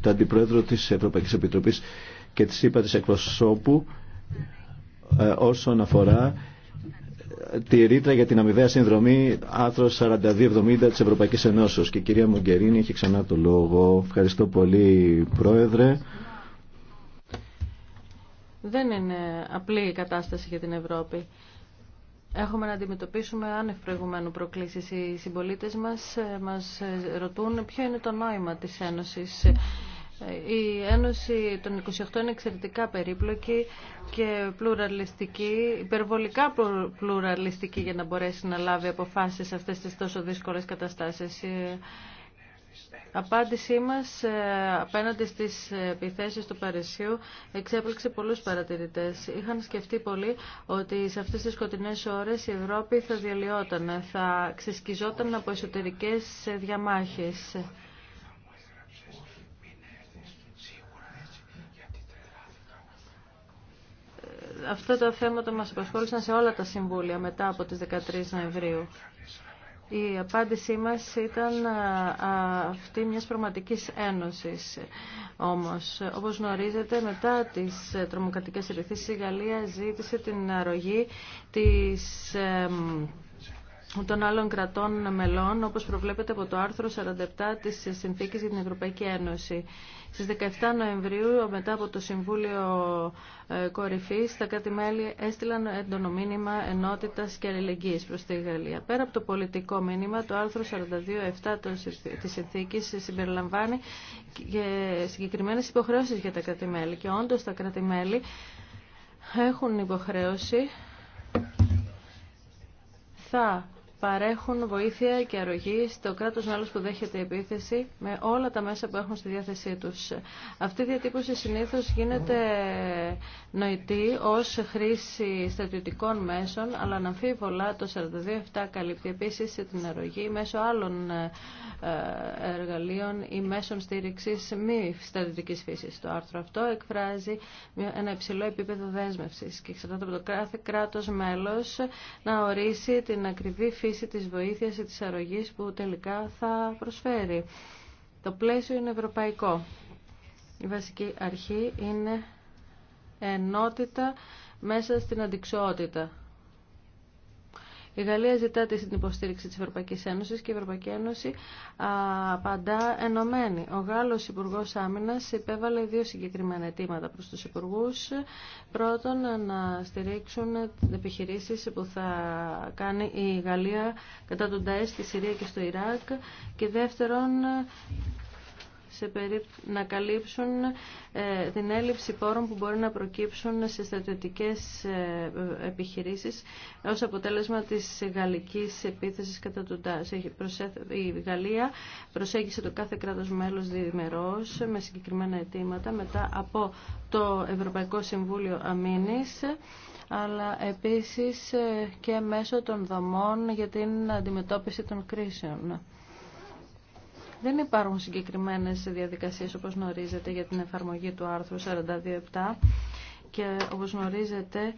τον Αντιπρόεδρο της Ευρωπαϊκής Επιτροπής και της ΥΠΑ της εκπροσώπου ε, όσον αφορά ε, τη ρήτρα για την αμοιβαία συνδρομή άρθρο 4270 της Ευρωπαϊκής Ενώσεως και η κυρία Μογκερίνη έχει ξανά το λόγο. Ευχαριστώ πολύ Πρόεδρε. Δεν είναι απλή η κατάσταση για την Ευρώπη. Έχουμε να αντιμετωπίσουμε άνευ προηγουμένου προκλήσεις. Οι συμπολίτες μας ε, μας ρωτούν ποιο είναι το νόημα της Ένωσης η Ένωση των 28 είναι εξαιρετικά περίπλοκη και πλουραλιστική, υπερβολικά πλουραλιστική για να μπορέσει να λάβει αποφάσεις σε αυτές τις τόσο δύσκολες καταστάσεις. Απάντησή μας ε, απέναντι στις επιθέσεις του Παρισιού εξέπληξε πολλούς παρατηρητές. Είχαν σκεφτεί πολύ ότι σε αυτές τις σκοτεινές ώρες η Ευρώπη θα διαλυόταν, θα ξεσκιζόταν από εσωτερικές διαμάχες. αυτό το θέμα το μας απασχόλησαν σε όλα τα συμβούλια μετά από τις 13 Νοεμβρίου. Η απάντησή μας ήταν αυτή μιας πραγματικής ένωσης όμως. Όπως γνωρίζετε, μετά τις ε, τρομοκρατικές ρυθμίσεις η Γαλλία ζήτησε την αρρωγή της των άλλων κρατών μελών, όπως προβλέπεται από το άρθρο 47 της Συνθήκης για την Ευρωπαϊκή Ένωση. Στις 17 Νοεμβρίου, μετά από το Συμβούλιο ε, Κορυφής, τα κράτη-μέλη έστειλαν έντονο μήνυμα ενότητας και αλληλεγγύης προς τη Γαλλία. Πέρα από το πολιτικό μήνυμα, το άρθρο 42.7 της Συνθήκης συμπεριλαμβάνει και συγκεκριμένες υποχρεώσεις για τα κράτη-μέλη. Και όντως τα κράτη-μέλη έχουν υποχρέωση θα παρέχουν βοήθεια και αρρωγή στο κράτος μέλος που δέχεται επίθεση με όλα τα μέσα που έχουν στη διάθεσή τους. Αυτή η διατύπωση συνήθως γίνεται νοητή ως χρήση στρατιωτικών μέσων, αλλά αναμφίβολα το 42.7 καλύπτει επίσης την αρρωγή μέσω άλλων ε, εργαλείων ή μέσων στήριξης μη στρατιωτικής φύσης. Το άρθρο αυτό εκφράζει ένα υψηλό επίπεδο δέσμευσης και εξαρτάται από το κράτος μέλος να ορίσει την ακριβή φύση της βοήθειας ή της αρρωγής που τελικά θα προσφέρει. Το πλαίσιο είναι ευρωπαϊκό. Η βασική αρχή είναι ενότητα μέσα στην αντικσότητα. Η Γαλλία ζητά στην υποστήριξη της Ευρωπαϊκής Ένωσης και η Ευρωπαϊκή Ένωση απαντά ενωμένη. Ο Γάλλος Υπουργό Άμυνας υπέβαλε δύο συγκεκριμένα αιτήματα προς τους υπουργούς. Πρώτον, να στηρίξουν επιχειρήσεις που θα κάνει η Γαλλία κατά τον ΤΑΕΣ στη Συρία και στο Ιράκ και δεύτερον σε να καλύψουν ε, την έλλειψη πόρων που μπορεί να προκύψουν σε στρατιωτικές ε, επιχειρήσεις ως αποτέλεσμα της γαλλικής επίθεσης κατά του ΤΑΣ. Η Γαλλία προσέγγισε το κάθε κράτος μέλος διημερός με συγκεκριμένα αιτήματα μετά από το Ευρωπαϊκό Συμβούλιο Αμήνης αλλά επίσης ε, και μέσω των δομών για την αντιμετώπιση των κρίσεων. Δεν υπάρχουν συγκεκριμένες διαδικασίες όπως γνωρίζετε για την εφαρμογή του άρθρου 42.7 και όπως γνωρίζετε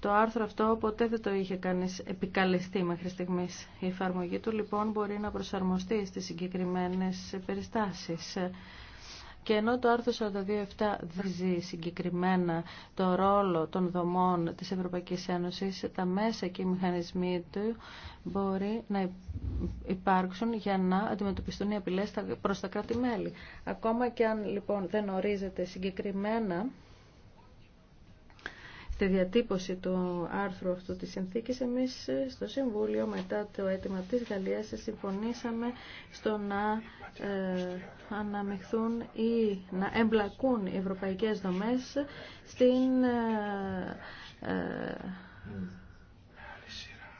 το άρθρο αυτό ποτέ δεν το είχε κανείς επικαλεστεί μέχρι στιγμής. Η εφαρμογή του λοιπόν μπορεί να προσαρμοστεί στις συγκεκριμένες περιστάσεις. Και ενώ το άρθρο 42.7 δίζει συγκεκριμένα το ρόλο των δομών της Ευρωπαϊκής Ένωσης, τα μέσα και οι μηχανισμοί του μπορεί να υπάρξουν για να αντιμετωπιστούν οι απειλές προς τα κράτη-μέλη. Ακόμα και αν λοιπόν δεν ορίζεται συγκεκριμένα στη διατύπωση του άρθρου αυτού της συνθήκης, εμείς στο Συμβούλιο μετά το αίτημα της Γαλλίας συμφωνήσαμε στο να ε, αναμειχθούν ή να εμπλακούν οι ευρωπαϊκές δομές στην ε, ε,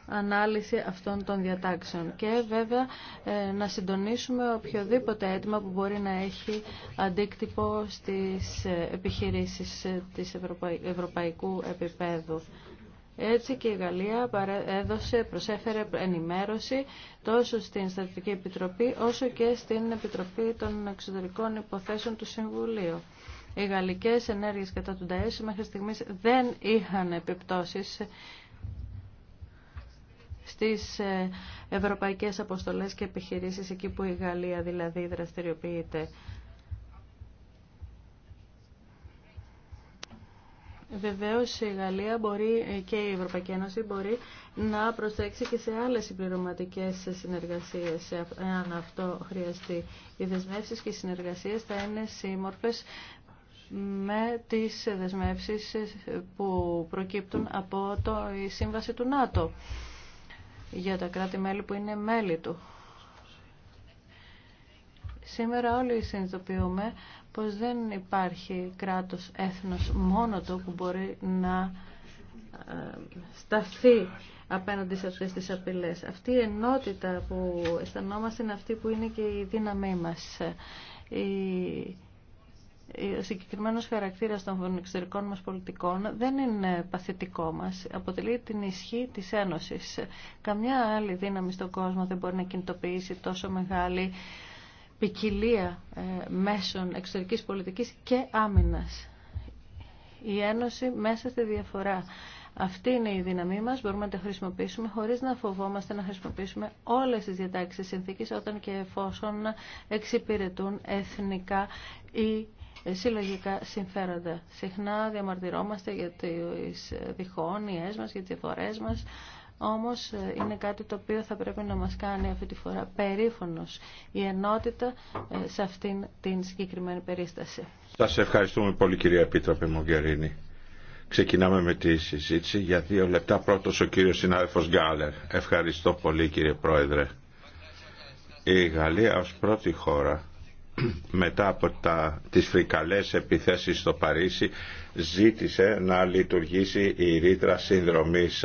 ανάλυση αυτών των διατάξεων και βέβαια ε, να συντονίσουμε οποιοδήποτε αίτημα που μπορεί να έχει αντίκτυπο στις ε, επιχειρήσεις ε, της ευρωπαϊκού επίπεδου. Έτσι και η Γαλλία έδωσε, προσέφερε ενημέρωση τόσο στην Στατιστική Επιτροπή όσο και στην Επιτροπή των Εξωτερικών Υποθέσεων του Συμβουλίου. Οι γαλλικές ενέργειες κατά του ΝΤΑΕΣ μέχρι στιγμής δεν είχαν επιπτώσεις στις ε, ευρωπαϊκές αποστολές και επιχειρήσεις εκεί που η Γαλλία δηλαδή δραστηριοποιείται. Βεβαίω η Γαλλία μπορεί ε, και η Ευρωπαϊκή Ένωση μπορεί να προσέξει και σε άλλες συμπληρωματικέ συνεργασίες ε, αν αυτό χρειαστεί. Οι δεσμεύσει και οι συνεργασίες θα είναι σύμμορφες με τις δεσμεύσεις που προκύπτουν από το, σύμβαση του ΝΑΤΟ για τα κράτη-μέλη που είναι μέλη του. Σήμερα όλοι συνειδητοποιούμε πως δεν υπάρχει κράτος, έθνος μόνο το που μπορεί να ε, σταθεί απέναντι σε αυτές τις απειλές. Αυτή η ενότητα που αισθανόμαστε είναι αυτή που είναι και η δύναμή μας. Η ο συγκεκριμένος χαρακτήρας των εξωτερικών μας πολιτικών δεν είναι παθητικό μας. Αποτελεί την ισχύ της Ένωσης. Καμιά άλλη δύναμη στον κόσμο δεν μπορεί να κινητοποιήσει τόσο μεγάλη ποικιλία ε, μέσων εξωτερικής πολιτικής και άμυνας. Η Ένωση μέσα στη διαφορά. Αυτή είναι η δύναμή μας, μπορούμε να τη χρησιμοποιήσουμε χωρίς να φοβόμαστε να χρησιμοποιήσουμε όλες τις διατάξεις της συνθήκης όταν και εφόσον εξυπηρετούν εθνικά ή ε, συλλογικά συμφέροντα. Συχνά διαμαρτυρόμαστε για τις ε, διχόνοιές μας, για τις διαφορές μας, όμως ε, είναι κάτι το οποίο θα πρέπει να μας κάνει αυτή τη φορά περίφωνος η ενότητα σε αυτήν την συγκεκριμένη περίσταση. Σας ευχαριστούμε πολύ κυρία Επίτροπε Μογκερίνη. Ξεκινάμε με τη συζήτηση για δύο λεπτά. Πρώτος ο κύριος συνάδελφος Γκάλερ. Ευχαριστώ πολύ κύριε Πρόεδρε. Η Γαλλία ως πρώτη χώρα μετά από τα, τις φρικαλές επιθέσεις στο Παρίσι ζήτησε να λειτουργήσει η ρήτρα συνδρομής.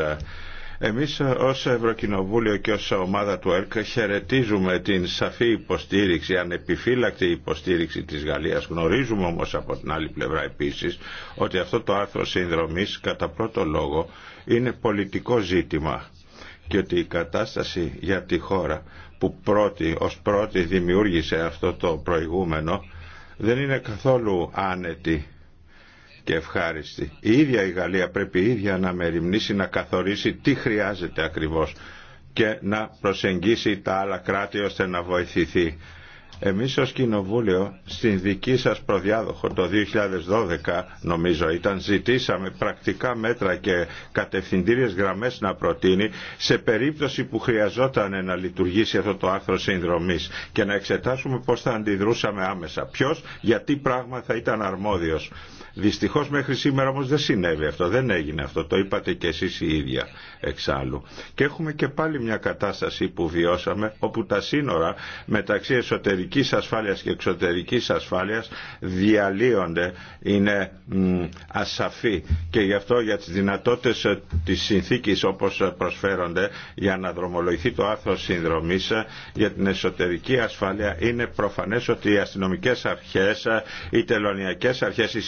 Εμείς ως Ευρωκοινοβούλιο και ως ομάδα του ΕΡΚ χαιρετίζουμε την σαφή υποστήριξη, ανεπιφύλακτη υποστήριξη της Γαλλίας. Γνωρίζουμε όμως από την άλλη πλευρά επίσης ότι αυτό το άρθρο συνδρομής κατά πρώτο λόγο είναι πολιτικό ζήτημα και ότι η κατάσταση για τη χώρα που πρώτη, ως πρώτη δημιούργησε αυτό το προηγούμενο δεν είναι καθόλου άνετη και ευχάριστη. Η ίδια η Γαλλία πρέπει ίδια να μεριμνήσει να καθορίσει τι χρειάζεται ακριβώς και να προσεγγίσει τα άλλα κράτη ώστε να βοηθηθεί. Εμείς ως Κοινοβούλιο στην δική σας προδιάδοχο το 2012 νομίζω ήταν ζητήσαμε πρακτικά μέτρα και κατευθυντήριες γραμμές να προτείνει σε περίπτωση που χρειαζόταν να λειτουργήσει αυτό το άρθρο συνδρομής και να εξετάσουμε πώς θα αντιδρούσαμε άμεσα. Ποιος, γιατί πράγμα θα ήταν αρμόδιος. Δυστυχώς μέχρι σήμερα όμως δεν συνέβη αυτό, δεν έγινε αυτό, το είπατε και εσείς οι ίδια εξάλλου. Και έχουμε και πάλι μια κατάσταση που βιώσαμε όπου τα σύνορα μεταξύ εσωτερικής ασφάλειας και εξωτερικής ασφάλειας διαλύονται, είναι ασαφή και γι' αυτό για τις δυνατότητες ε, της συνθήκης όπως προσφέρονται για να δρομολογηθεί το άρθρο συνδρομής ε, για την εσωτερική ασφάλεια είναι προφανές ότι οι αστυνομικές αρχές, ε, οι τελωνιακές αρχές, οι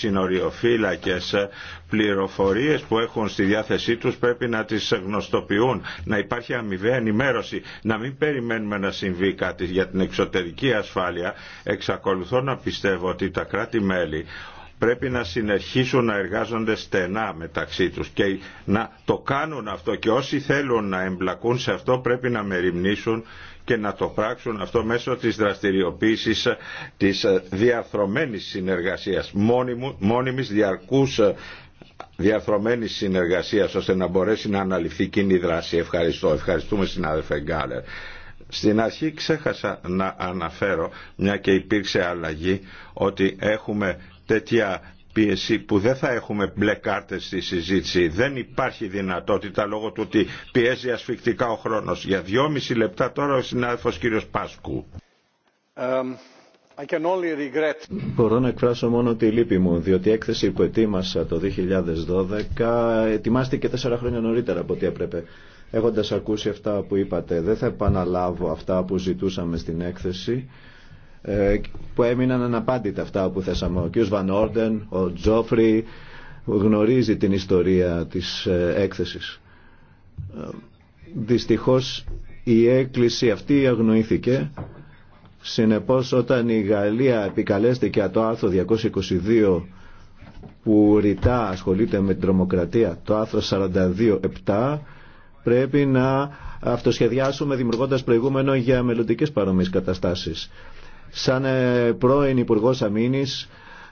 σε πληροφορίες που έχουν στη διάθεσή τους πρέπει να τις γνωστοποιούν, να υπάρχει αμοιβαία ενημέρωση, να μην περιμένουμε να συμβεί κάτι για την εξωτερική ασφάλεια. Εξακολουθώ να πιστεύω ότι τα κράτη-μέλη πρέπει να συνεχίσουν να εργάζονται στενά μεταξύ τους και να το κάνουν αυτό και όσοι θέλουν να εμπλακούν σε αυτό πρέπει να μεριμνήσουν και να το πράξουν αυτό μέσω της δραστηριοποίησης της διαθρωμένης συνεργασίας, μόνιμης διαρκούς διαθρωμένης συνεργασίας ώστε να μπορέσει να αναλυφθεί κοινή δράση. Ευχαριστώ. Ευχαριστούμε συνάδελφε Γκάλερ. Στην αρχή ξέχασα να αναφέρω, μια και υπήρξε αλλαγή, ότι έχουμε τέτοια πίεση που δεν θα έχουμε μπλε κάρτες στη συζήτηση. Δεν υπάρχει δυνατότητα λόγω του ότι πιέζει ασφυκτικά ο χρόνος. Για δυόμιση λεπτά τώρα ο συνάδελφος κύριος Πάσκου. I can only regret. Μπορώ να εκφράσω μόνο τη λύπη μου, διότι η έκθεση που ετοίμασα το 2012 ετοιμάστηκε τέσσερα χρόνια νωρίτερα από ό,τι έπρεπε. Έχοντας ακούσει αυτά που είπατε, δεν θα επαναλάβω αυτά που ζητούσαμε στην έκθεση. Ε, που έμειναν αναπάντητα αυτά που θέσαμε. Ο κ. Βαν Όρντεν, ο Τζόφρι γνωρίζει την ιστορία της ε, έκθεσης. Ε, δυστυχώς η έκκληση αυτή αγνοήθηκε. Συνεπώς όταν η Γαλλία επικαλέστηκε το άρθρο 222 που ρητά ασχολείται με την τρομοκρατία, το άρθρο 42.7, πρέπει να αυτοσχεδιάσουμε δημιουργώντας προηγούμενο για μελλοντικές παρομοιες καταστάσεις σαν ε, πρώην Υπουργό Αμήνη,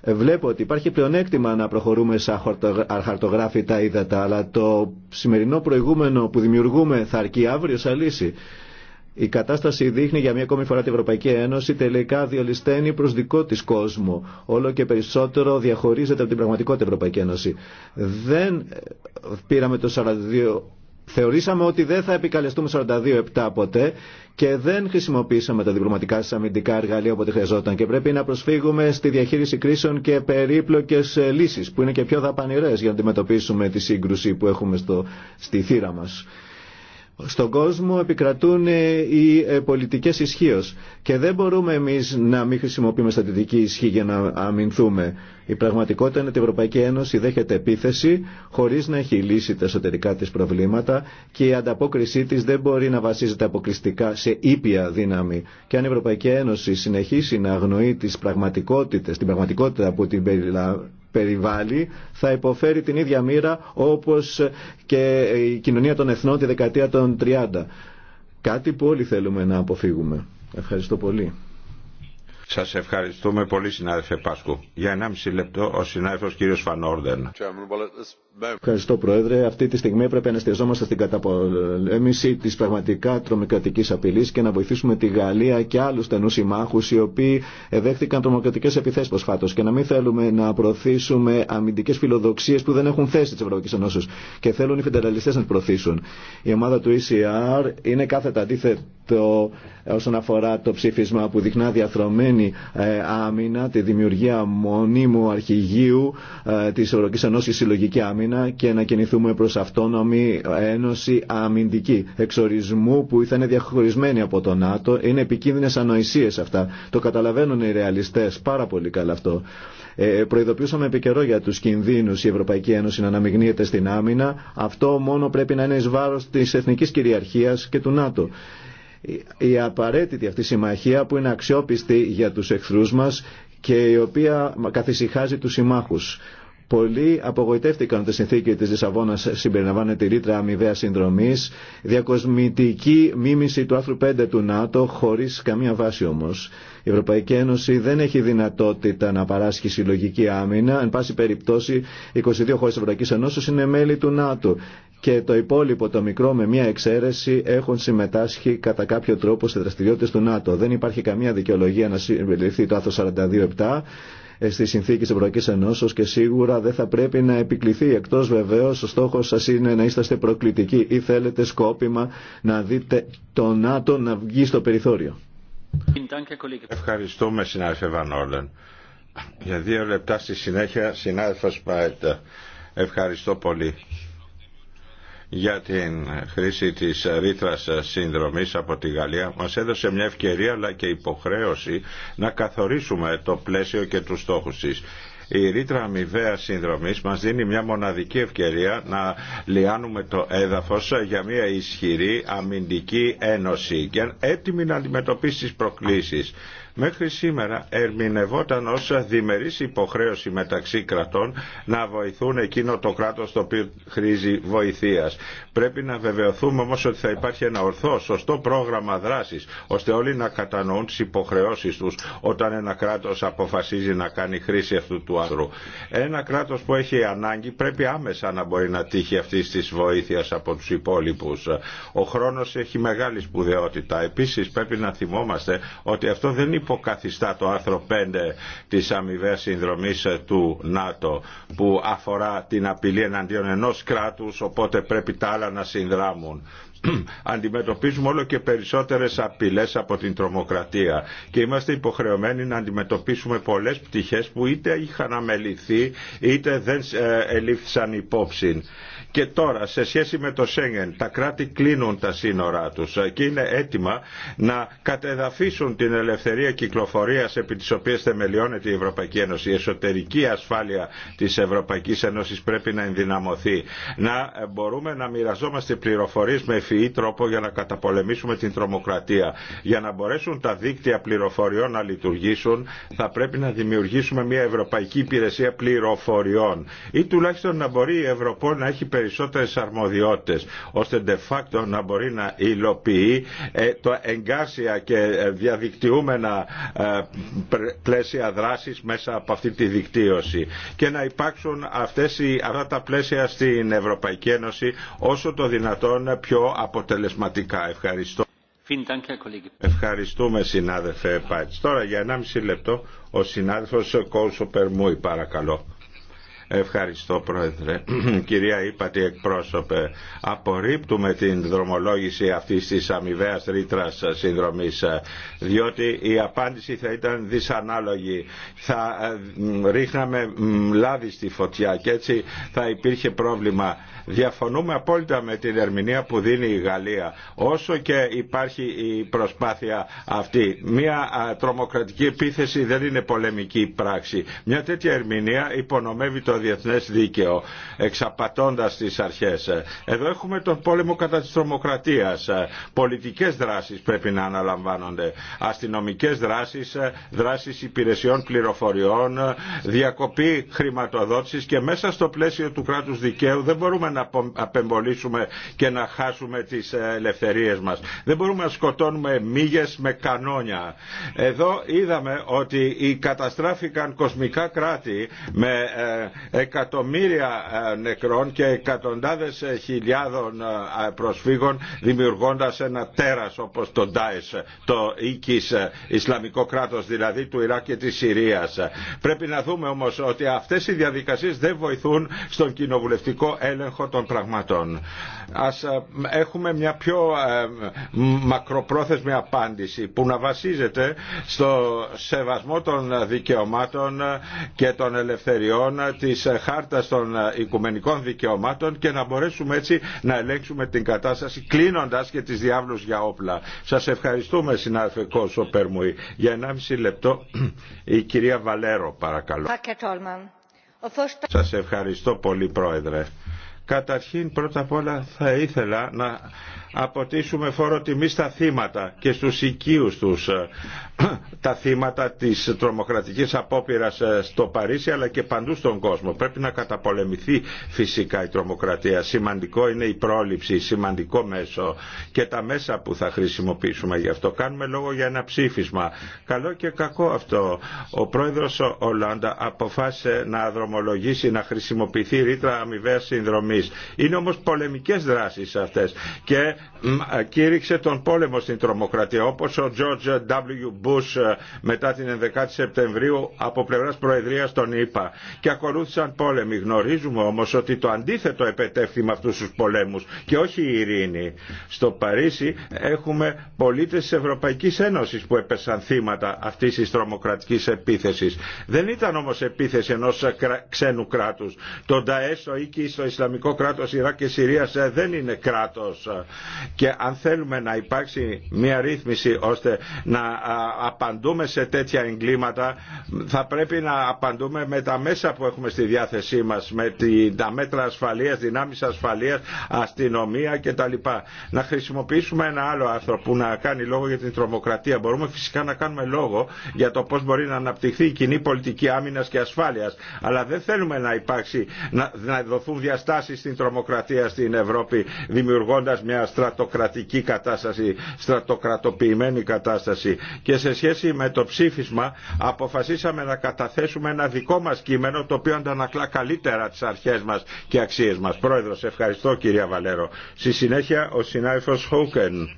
ε, βλέπω ότι υπάρχει πλεονέκτημα να προχωρούμε σαν αρχαρτογράφητα ύδατα, αλλά το σημερινό προηγούμενο που δημιουργούμε θα αρκεί αύριο σαν λύση. Η κατάσταση δείχνει για μια ακόμη φορά την Ευρωπαϊκή Ένωση τελικά διολυσταίνει προ δικό τη κόσμο. Όλο και περισσότερο διαχωρίζεται από την πραγματικότητα Ευρωπαϊκή Ένωση. Δεν ε, πήραμε το Θεωρήσαμε ότι δεν θα επικαλεστούμε 42-7 ποτέ και δεν χρησιμοποίησαμε τα διπλωματικά σα αμυντικά εργαλεία όποτε χρειαζόταν και πρέπει να προσφύγουμε στη διαχείριση κρίσεων και περίπλοκε ε, λύσει που είναι και πιο δαπανηρέ για να αντιμετωπίσουμε τη σύγκρουση που έχουμε στο, στη θύρα μα στον κόσμο επικρατούν οι ε, πολιτικές ισχύω. Και δεν μπορούμε εμείς να μην χρησιμοποιούμε στατιστική ισχύ για να αμυνθούμε. Η πραγματικότητα είναι ότι η Ευρωπαϊκή Ένωση δέχεται επίθεση χωρίς να έχει λύσει τα εσωτερικά της προβλήματα και η ανταπόκρισή της δεν μπορεί να βασίζεται αποκλειστικά σε ήπια δύναμη. Και αν η Ευρωπαϊκή Ένωση συνεχίσει να αγνοεί τις πραγματικότητες, την πραγματικότητα που την περιλαμβάνει, περιβάλλει θα υποφέρει την ίδια μοίρα όπως και η κοινωνία των εθνών τη δεκαετία των 30. Κάτι που όλοι θέλουμε να αποφύγουμε. Ευχαριστώ πολύ. Σας ευχαριστούμε πολύ συνάδελφε Πάσκου. Για 1,5 λεπτό ο συνάδελφος κύριος Φανόρδεν. Ευχαριστώ Πρόεδρε. Αυτή τη στιγμή πρέπει να εστιαζόμαστε στην καταπολέμηση τη πραγματικά τρομοκρατική απειλή και να βοηθήσουμε τη Γαλλία και άλλου στενού συμμάχου οι οποίοι δέχτηκαν τρομοκρατικέ επιθέσει προσφάτω και να μην θέλουμε να προωθήσουμε αμυντικέ φιλοδοξίε που δεν έχουν θέση τη Ευρωπαϊκή Ενώση και θέλουν οι φεντεραλιστέ να τι προωθήσουν. Η ομάδα του ECR είναι κάθετα αντίθετο όσον αφορά το ψήφισμα που δειχνά διαθρωμένη ε, άμυνα, τη δημιουργία μονίμου αρχηγείου ε, τη Ευρωπαϊκή Ενώση συλλογική άμυνα άμυνα και να κινηθούμε προ αυτόνομη ένωση αμυντική εξορισμού που ήταν διαχωρισμένη από το ΝΑΤΟ. Είναι επικίνδυνε ανοησίε αυτά. Το καταλαβαίνουν οι ρεαλιστέ, πάρα πολύ καλά αυτό. Ε, προειδοποιούσαμε επί καιρό για του κινδύνου, η Ευρωπαϊκή Ένωση να αναμειγνύεται στην άμυνα. Αυτό μόνο πρέπει να είναι ει βάρο τη εθνική κυριαρχία και του ΝΑΤΟ η απαραίτητη αυτή συμμαχία που είναι αξιόπιστη για τους εχθρούς μας και η οποία καθησυχάζει τους συμμάχους. Πολλοί απογοητεύτηκαν ότι η συνθήκη τη Λισαβόνα συμπεριλαμβάνεται η ρήτρα αμοιβαία συνδρομή, διακοσμητική μίμηση του άρθρου 5 του ΝΑΤΟ, χωρί καμία βάση όμω. Η Ευρωπαϊκή Ένωση δεν έχει δυνατότητα να παράσχει συλλογική άμυνα. Εν πάση περιπτώσει, 22 χώρε τη Ευρωπαϊκή Ενώσεω είναι μέλη του ΝΑΤΟ. Και το υπόλοιπο, το μικρό, με μία εξαίρεση, έχουν συμμετάσχει κατά κάποιο τρόπο σε δραστηριότητε του ΝΑΤΟ. Δεν υπάρχει καμία δικαιολογία να συμπεριληφθεί το άρθρο 7. Ε, συνθήκη τη Ευρωπαϊκή Ενώσεω, και σίγουρα δεν θα πρέπει να επικληθεί. εκτό βεβαίω, ο στόχο σα είναι να είσαστε προκλητικοί ή θέλετε σκόπιμα να δείτε το ΝΑΤΟ να βγει στο περιθώριο. Ευχαριστούμε συνάδελφε Βανόλεν. Για δύο λεπτά στη συνέχεια συνάδελφο Σπάιτα. Ευχαριστώ πολύ για την χρήση της ρήτρας συνδρομής από τη Γαλλία μας έδωσε μια ευκαιρία αλλά και υποχρέωση να καθορίσουμε το πλαίσιο και τους στόχους της. Η ρήτρα αμοιβαία συνδρομή μα δίνει μια μοναδική ευκαιρία να λιάνουμε το έδαφο για μια ισχυρή αμυντική ένωση και έτοιμη να αντιμετωπίσει τι προκλήσει μέχρι σήμερα ερμηνευόταν ως διμερής υποχρέωση μεταξύ κρατών να βοηθούν εκείνο το κράτος το οποίο χρήζει βοηθείας. Πρέπει να βεβαιωθούμε όμως ότι θα υπάρχει ένα ορθό, σωστό πρόγραμμα δράσης, ώστε όλοι να κατανοούν τις υποχρεώσεις τους όταν ένα κράτος αποφασίζει να κάνει χρήση αυτού του άρθρου. Ένα κράτος που έχει ανάγκη πρέπει άμεσα να μπορεί να τύχει αυτή τη βοήθεια από τους υπόλοιπους. Ο χρόνος έχει μεγάλη σπουδαιότητα. Επίσης πρέπει να θυμόμαστε ότι αυτό δεν υποκαθιστά το άρθρο 5 της αμοιβαίας συνδρομής του ΝΑΤΟ που αφορά την απειλή εναντίον ενός κράτους οπότε πρέπει τα άλλα να συνδράμουν αντιμετωπίζουμε όλο και περισσότερες απειλές από την τρομοκρατία και είμαστε υποχρεωμένοι να αντιμετωπίσουμε πολλές πτυχές που είτε είχαν αμεληθεί είτε δεν ε, ελήφθησαν υπόψη. Και τώρα, σε σχέση με το Σέγγεν, τα κράτη κλείνουν τα σύνορά τους και είναι έτοιμα να κατεδαφίσουν την ελευθερία κυκλοφορίας επί της οποίας θεμελιώνεται η Ευρωπαϊκή Ένωση. Η εσωτερική ασφάλεια της Ευρωπαϊκής Ένωσης πρέπει να ενδυναμωθεί. Να μπορούμε να μοιραζόμαστε πληροφορίες με ευφυή τρόπο για να καταπολεμήσουμε την τρομοκρατία. Για να μπορέσουν τα δίκτυα πληροφοριών να λειτουργήσουν, θα πρέπει να δημιουργήσουμε μια Ευρωπαϊκή Υπηρεσία Πληροφοριών ή τουλάχιστον να μπορεί η Ευρωπόλ να μπορει η να εχει περισσότερες αρμοδιότητες ώστε de facto να μπορεί να υλοποιεί ε, το εγκάσια και ε, διαδικτυούμενα ε, πλαίσια δράσης μέσα από αυτή τη δικτύωση και να υπάρξουν αυτές οι, αυτά τα πλαίσια στην Ευρωπαϊκή Ένωση όσο το δυνατόν πιο αποτελεσματικά. Ευχαριστώ. Ευχαριστούμε συνάδελφε Πάτς. Τώρα για 1,5 λεπτό ο συνάδελφος Κόλσο Περμούη παρακαλώ. Ευχαριστώ Πρόεδρε. Κυρία Ήπατη εκπρόσωπε, απορρίπτουμε την δρομολόγηση αυτής της αμοιβαία ρήτρα συνδρομής, διότι η απάντηση θα ήταν δυσανάλογη. Θα ε, ρίχναμε λάδι στη φωτιά και έτσι θα υπήρχε πρόβλημα. Διαφωνούμε απόλυτα με την ερμηνεία που δίνει η Γαλλία. Όσο και υπάρχει η προσπάθεια αυτή, μια τρομοκρατική επίθεση δεν είναι πολεμική πράξη. Μια τέτοια ερμηνεία υπονομεύει το διεθνές δίκαιο, εξαπατώντας τις αρχές. Εδώ έχουμε τον πόλεμο κατά της τρομοκρατίας. Πολιτικές δράσεις πρέπει να αναλαμβάνονται. Αστυνομικές δράσεις, δράσεις υπηρεσιών πληροφοριών, διακοπή χρηματοδότησης και μέσα στο πλαίσιο του κράτους δικαίου δεν μπορούμε να απεμβολήσουμε και να χάσουμε τις ελευθερίες μας. Δεν μπορούμε να σκοτώνουμε μύγες με κανόνια. Εδώ είδαμε ότι οι καταστράφηκαν κοσμικά κράτη με ε, εκατομμύρια ε, νεκρών και εκατοντάδες ε, χιλιάδων προσφύγων δημιουργώντας ένα τέρας όπως το Ντάις, το οίκης Ισλαμικό κράτος δηλαδή του Ιράκ και της Συρίας. Πρέπει να δούμε όμως ότι αυτές οι διαδικασίες δεν βοηθούν στον κοινοβουλευτικό έλεγχο των πραγμάτων. Ας ε, έχουμε μια πιο ε, μακροπρόθεσμη απάντηση που να βασίζεται στο σεβασμό των δικαιωμάτων και των ελευθεριών της χάρτας των οικουμενικών δικαιωμάτων και να μπορέσουμε έτσι να ελέγξουμε την κατάσταση κλείνοντας και τις διάβλους για όπλα. Σας ευχαριστούμε συνάδελφε Κόσο Περμουή. Για 1,5 λεπτό η κυρία Βαλέρο παρακαλώ. Σας ευχαριστώ πολύ πρόεδρε. Καταρχήν πρώτα απ' όλα θα ήθελα να αποτίσουμε φόρο τιμή στα θύματα και στους οικείους τους τα θύματα της τρομοκρατικής απόπειρας ε, στο Παρίσι αλλά και παντού στον κόσμο. Πρέπει να καταπολεμηθεί φυσικά η τρομοκρατία. Σημαντικό είναι η πρόληψη, σημαντικό μέσο και τα μέσα που θα χρησιμοποιήσουμε γι' αυτό. Κάνουμε λόγο για ένα ψήφισμα. Καλό και κακό αυτό. Ο πρόεδρος Ολάντα αποφάσισε να δρομολογήσει, να χρησιμοποιηθεί ρήτρα αμοιβαία συνδρομή εμείς. Είναι όμως πολεμικές δράσεις αυτές και κήρυξε τον πόλεμο στην τρομοκρατία όπως ο George W. Bush ε, μετά την 11η Σεπτεμβρίου από πλευράς Προεδρίας των ειπα και ακολούθησαν πόλεμοι. Γνωρίζουμε όμως ότι το αντίθετο επετεύχθη με αυτούς τους πολέμους και όχι η ειρήνη. Στο Παρίσι έχουμε πολίτες της Ευρωπαϊκής Ένωσης που έπεσαν θύματα αυτής της τρομοκρατικής επίθεσης. Δεν ήταν όμως επίθεση ενός ξένου κράτους. Το Νταέσο και στο Ισλαμικό Ισλαμικό κράτος Ιράκ και Συρίας ε, δεν είναι κράτος και αν θέλουμε να υπάρξει μια ρύθμιση ώστε να απαντούμε σε τέτοια εγκλήματα θα πρέπει να απαντούμε με τα μέσα που έχουμε στη διάθεσή μας με τα μέτρα ασφαλείας, δυνάμεις ασφαλείας, αστυνομία κτλ. Να χρησιμοποιήσουμε ένα άλλο άρθρο που να κάνει λόγο για την τρομοκρατία. Μπορούμε φυσικά να κάνουμε λόγο για το πώς μπορεί να αναπτυχθεί η κοινή πολιτική άμυνας και ασφάλειας. Αλλά δεν θέλουμε να υπάρξει, να, να δοθούν διαστάσεις στην τρομοκρατία στην Ευρώπη δημιουργώντας μια στρατοκρατική κατάσταση, στρατοκρατοποιημένη κατάσταση και σε σχέση με το ψήφισμα αποφασίσαμε να καταθέσουμε ένα δικό μας κείμενο το οποίο αντανακλά καλύτερα τις αρχές μας και αξίες μας. Πρόεδρος, ευχαριστώ κυρία Βαλέρο. Στη συνέχεια ο συνάδελφος Χόκεν.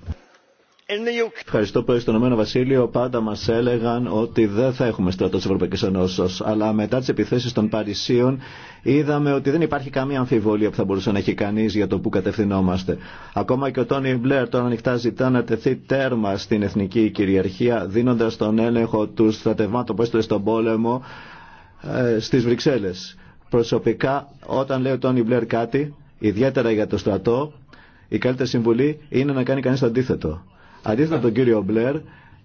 Ευχαριστώ πολύ στον Ηνωμένο Βασίλειο. Πάντα μα έλεγαν ότι δεν θα έχουμε στρατό τη Ευρωπαϊκή Ενώσεω. Αλλά μετά τι επιθέσει των Παρισίων είδαμε ότι δεν υπάρχει καμία αμφιβολία που θα μπορούσε να έχει κανεί για το που κατευθυνόμαστε. Ακόμα και ο Τόνι Μπλερ τώρα ανοιχτά ζητά να τεθεί τέρμα στην εθνική κυριαρχία, δίνοντα τον έλεγχο του στρατευμάτων που έστειλε στον πόλεμο ε, στι Βρυξέλλε. Προσωπικά, όταν λέει ο Τόνι Μπλερ κάτι, ιδιαίτερα για το στρατό, η καλύτερη συμβουλή είναι να κάνει κανεί το αντίθετο Αντίθετα τον κύριο Μπλερ,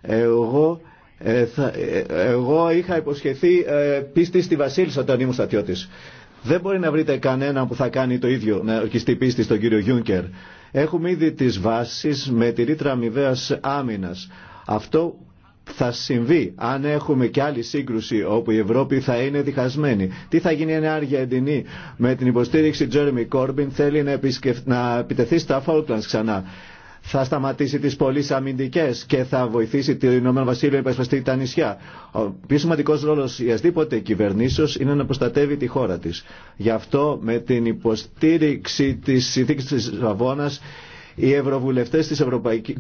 εγώ, ε, θα, ε, εγώ είχα υποσχεθεί ε, πίστη στη Βασίλισσα όταν ήμουν στρατιώτη. Δεν μπορεί να βρείτε κανέναν που θα κάνει το ίδιο, να ορκιστεί πίστη στον κύριο Γιούνκερ. Έχουμε ήδη τι βάσει με τη ρήτρα αμοιβαία άμυνα. Αυτό θα συμβεί αν έχουμε και άλλη σύγκρουση όπου η Ευρώπη θα είναι διχασμένη. Τι θα γίνει αν η Αργεντινή με την υποστήριξη Τζέρεμι Κόρμπιν θέλει να, επισκεφ... επιτεθεί στα Φάουτλαντ ξανά θα σταματήσει τι πωλήσει αμυντικές και θα βοηθήσει το Ηνωμένο Βασίλειο να υπασπιστεί τα νησιά. Ο πιο σημαντικό ρόλος οποιασδήποτε κυβερνήσεω είναι να προστατεύει τη χώρα τη. Γι' αυτό με την υποστήριξη τη συνθήκη τη Λαβώνας οι Ευρωβουλευτέ,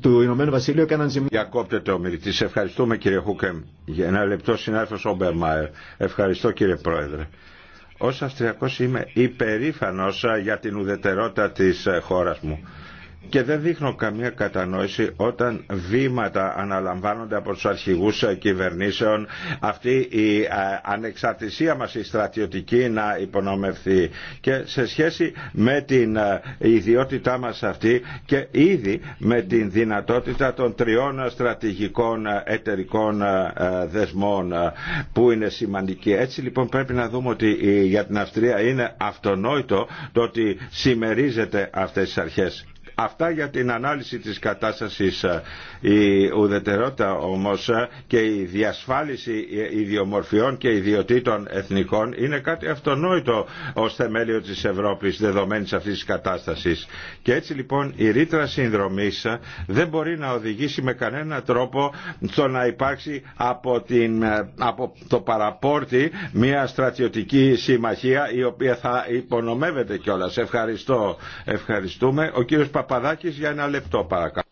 του Ηνωμένου Βασιλείου έκαναν ζημιά. Διακόπτεται ο μιλητή. Ευχαριστούμε κύριε Χούκεμ. Για ένα λεπτό συνάρθος Όμπερμαερ. Ευχαριστώ κύριε Πρόεδρε. Ω Αυστριακό είμαι υπερήφανο για την ουδετερότητα τη ε, χώρα μου και δεν δείχνω καμία κατανόηση όταν βήματα αναλαμβάνονται από τους αρχηγούς κυβερνήσεων αυτή η ε, ανεξαρτησία μας η στρατιωτική να υπονομευθεί και σε σχέση με την ε, ιδιότητά μας αυτή και ήδη με την δυνατότητα των τριών στρατηγικών ε, εταιρικών δεσμών που είναι σημαντική. Έτσι λοιπόν πρέπει να δούμε ότι για την Αυστρία είναι αυτονόητο το ότι συμμερίζεται αυτές τις αρχές Αυτά για την ανάλυση της κατάστασης ε, η ουδετερότητα όμως ε, και η διασφάλιση ε, ιδιομορφιών και ιδιωτήτων εθνικών είναι κάτι αυτονόητο ως θεμέλιο της Ευρώπης δεδομένης αυτής της κατάστασης. Και έτσι λοιπόν η ρήτρα συνδρομής δεν μπορεί να οδηγήσει με κανένα τρόπο στο να υπάρξει από, το παραπόρτι μια στρατιωτική συμμαχία η οποία θα υπονομεύεται κιόλας. Ευχαριστώ. Ευχαριστούμε. Ο κύριος Παπαδάκης για ένα λεπτό παρακαλώ.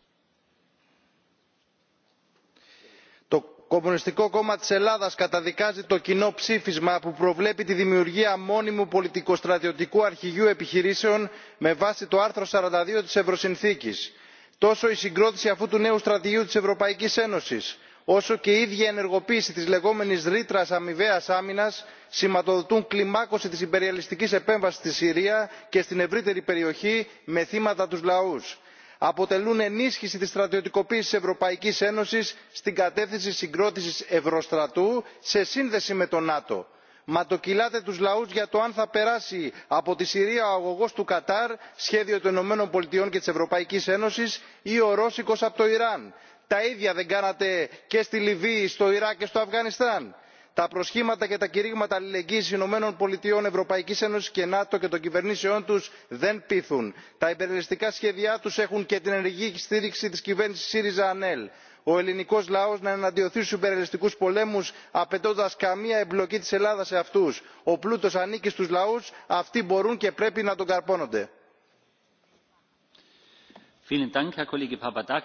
κομμουνιστικό κόμμα της ελλάδας καταδικάζει το κοινό ψήφισμα που προβλέπει τη δημιουργία μόνιμου πολιτικοστρατιωτικού αρχηγείου επιχειρήσεων με βάση το άρθρο 42 της ευρωσυνθήκης. τόσο η συγκρότηση αυτού του νέου στρατηγείου της ευρωπαϊκής ένωσης όσο και η ίδια ενεργοποίηση της λεγόμενης ρήτρας αμοιβαίας άμυνας σηματοδοτούν κλιμάκωση της υπεριαλιστικής επέμβασης στη συρία και στην ευρύτερη περιοχή με θύματα τους λαούς. αποτελούν ενίσχυση της στρατιωτικοποίησης της ευρωπαϊκής ένωσης στην κατεύθυνση συγκρότησης ευρωστρατού σε σύνδεση με το νατο ματοκυλάτε τους λαούς για το αν θα περάσει από τη συρία ο αγωγός του κατάρ σχέδιο των ηνωμένων πολιτειών και της ευρωπαϊκής ένωσης ή ο ρώσικος από το ιράν τα ίδια δεν κάνατε και στη λιβύη στο ιράκ και στο αφγανιστάν. τα προσχήματα και τα κηρύγματα αλληλεγγύης ηνωμένων πολιτειών ευρωπαϊκής ένωσης και νάτο και των κυβερνήσεών τους δεν πείθουν. τα υπερελιστικά σχέδιά τους έχουν και την ενεργή στήριξη της κυβέρνησης σύριζα ανέλ. ο ελληνικός λαός να εναντιωθεί στους υπερελιστικούς πολέμου απαιτώντας καμία εμπλοκή της ελλάδας σε αυτούς. ο πλούτος ανήκει στους λαούς αυτοί μπορούν και πρέπει να τον καρπώνονται.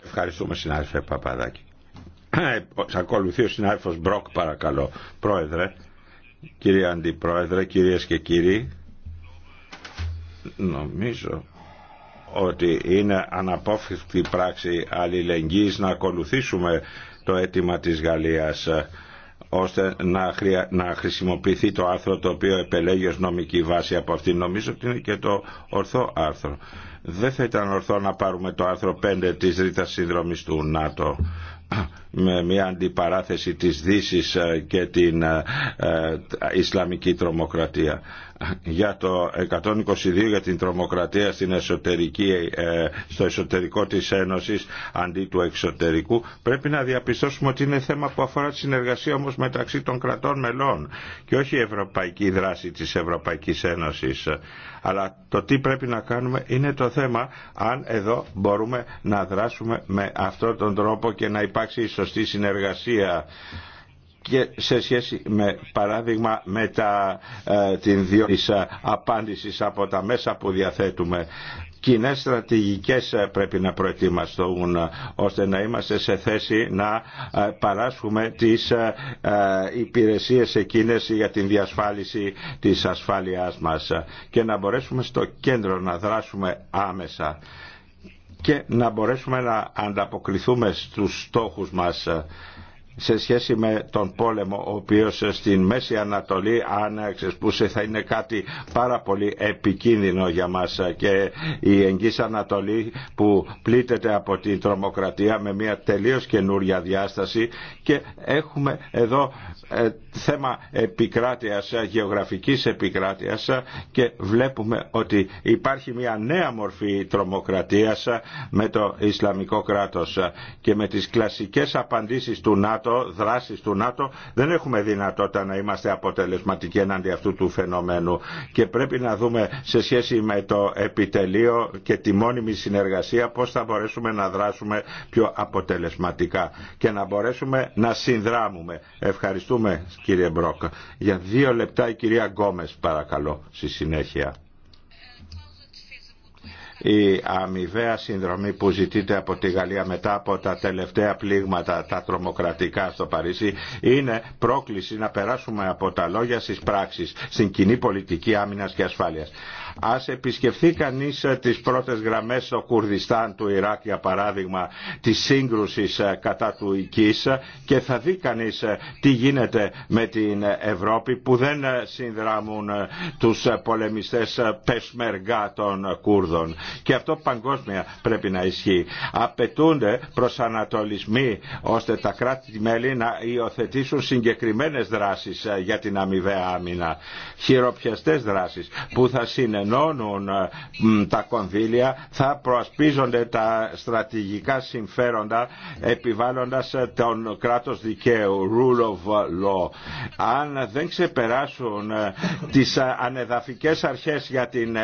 Ευχαριστούμε συνάδελφε Παπαδάκη. Ε, ακολουθεί ο συνάδελφος Μπροκ παρακαλώ. Πρόεδρε, κύριε Αντιπρόεδρε, κυρίες και κύριοι, νομίζω ότι είναι αναπόφευκτη πράξη αλληλεγγύης να ακολουθήσουμε το αίτημα της Γαλλίας ώστε να, χρησιμοποιηθεί το άρθρο το οποίο επελέγει ως νομική βάση από αυτήν. Νομίζω ότι είναι και το ορθό άρθρο. Δεν θα ήταν ορθό να πάρουμε το άρθρο 5 της ρήτας συνδρομής του ΝΑΤΟ με μια αντιπαράθεση της δύση ε, και την ε, ε, Ισλαμική τρομοκρατία για το 122 για την τρομοκρατία στην εσωτερική, ε, στο εσωτερικό της Ένωσης αντί του εξωτερικού πρέπει να διαπιστώσουμε ότι είναι θέμα που αφορά τη συνεργασία όμως μεταξύ των κρατών μελών και όχι η ευρωπαϊκή δράση της Ευρωπαϊκής Ένωσης αλλά το τι πρέπει να κάνουμε είναι το θέμα αν εδώ μπορούμε να δράσουμε με αυτόν τον τρόπο και να υπάρξει η σωστή συνεργασία και σε σχέση με παράδειγμα με τα, ε, την δύο ε, απάντησης από τα μέσα που διαθέτουμε κοινέ στρατηγικέ ε, πρέπει να προετοιμαστούν ώστε να είμαστε σε θέση να παράσχουμε τι υπηρεσίε εκείνε για την διασφάλιση τη ασφάλειά μα και να μπορέσουμε στο κέντρο να δράσουμε άμεσα και να μπορέσουμε να ανταποκριθούμε στους στόχους μας σε σχέση με τον πόλεμο ο οποίος στην Μέση Ανατολή αν θα είναι κάτι πάρα πολύ επικίνδυνο για μας και η Εγγύς Ανατολή που πλήττεται από την τρομοκρατία με μια τελείως καινούρια διάσταση και έχουμε εδώ ε, θέμα επικράτειας, γεωγραφικής επικράτειας και βλέπουμε ότι υπάρχει μια νέα μορφή τρομοκρατίας με το Ισλαμικό κράτος και με τις κλασικές απαντήσεις του ΝΑΤΟ ΝΑΤΟ, δράσεις του ΝΑΤΟ, δεν έχουμε δυνατότητα να είμαστε αποτελεσματικοί εναντί αυτού του φαινομένου. Και πρέπει να δούμε σε σχέση με το επιτελείο και τη μόνιμη συνεργασία πώς θα μπορέσουμε να δράσουμε πιο αποτελεσματικά και να μπορέσουμε να συνδράμουμε. Ευχαριστούμε κύριε Μπρόκ. Για δύο λεπτά η κυρία Γκόμες παρακαλώ στη συνέχεια η αμοιβαία συνδρομή που ζητείται από τη Γαλλία μετά από τα τελευταία πλήγματα τα τρομοκρατικά στο Παρίσι είναι πρόκληση να περάσουμε από τα λόγια στις πράξεις στην κοινή πολιτική άμυνας και ασφάλειας. Ας επισκεφθεί κανείς ε, τις πρώτες γραμμές στο Κουρδιστάν του Ιράκ για παράδειγμα τη σύγκρουσης ε, κατά του Ικής ε, και θα δει κανείς τι γίνεται με την Ευρώπη που δεν συνδράμουν τους πολεμιστές πεσμεργά των Κούρδων. Και αυτό παγκόσμια πρέπει να ισχύει. Απαιτούνται προσανατολισμοί ώστε τα κράτη-μέλη να υιοθετήσουν συγκεκριμένες δράσεις για την αμοιβαία άμυνα. Χειροπιαστές δράσεις που θα συνεχίσουν ενώνουν ε, τα κονδύλια θα προασπίζονται τα στρατηγικά συμφέροντα επιβάλλοντας ε, τον κράτος δικαίου, rule of law. Αν δεν ξεπεράσουν ε, τις ανεδαφικές αρχές για την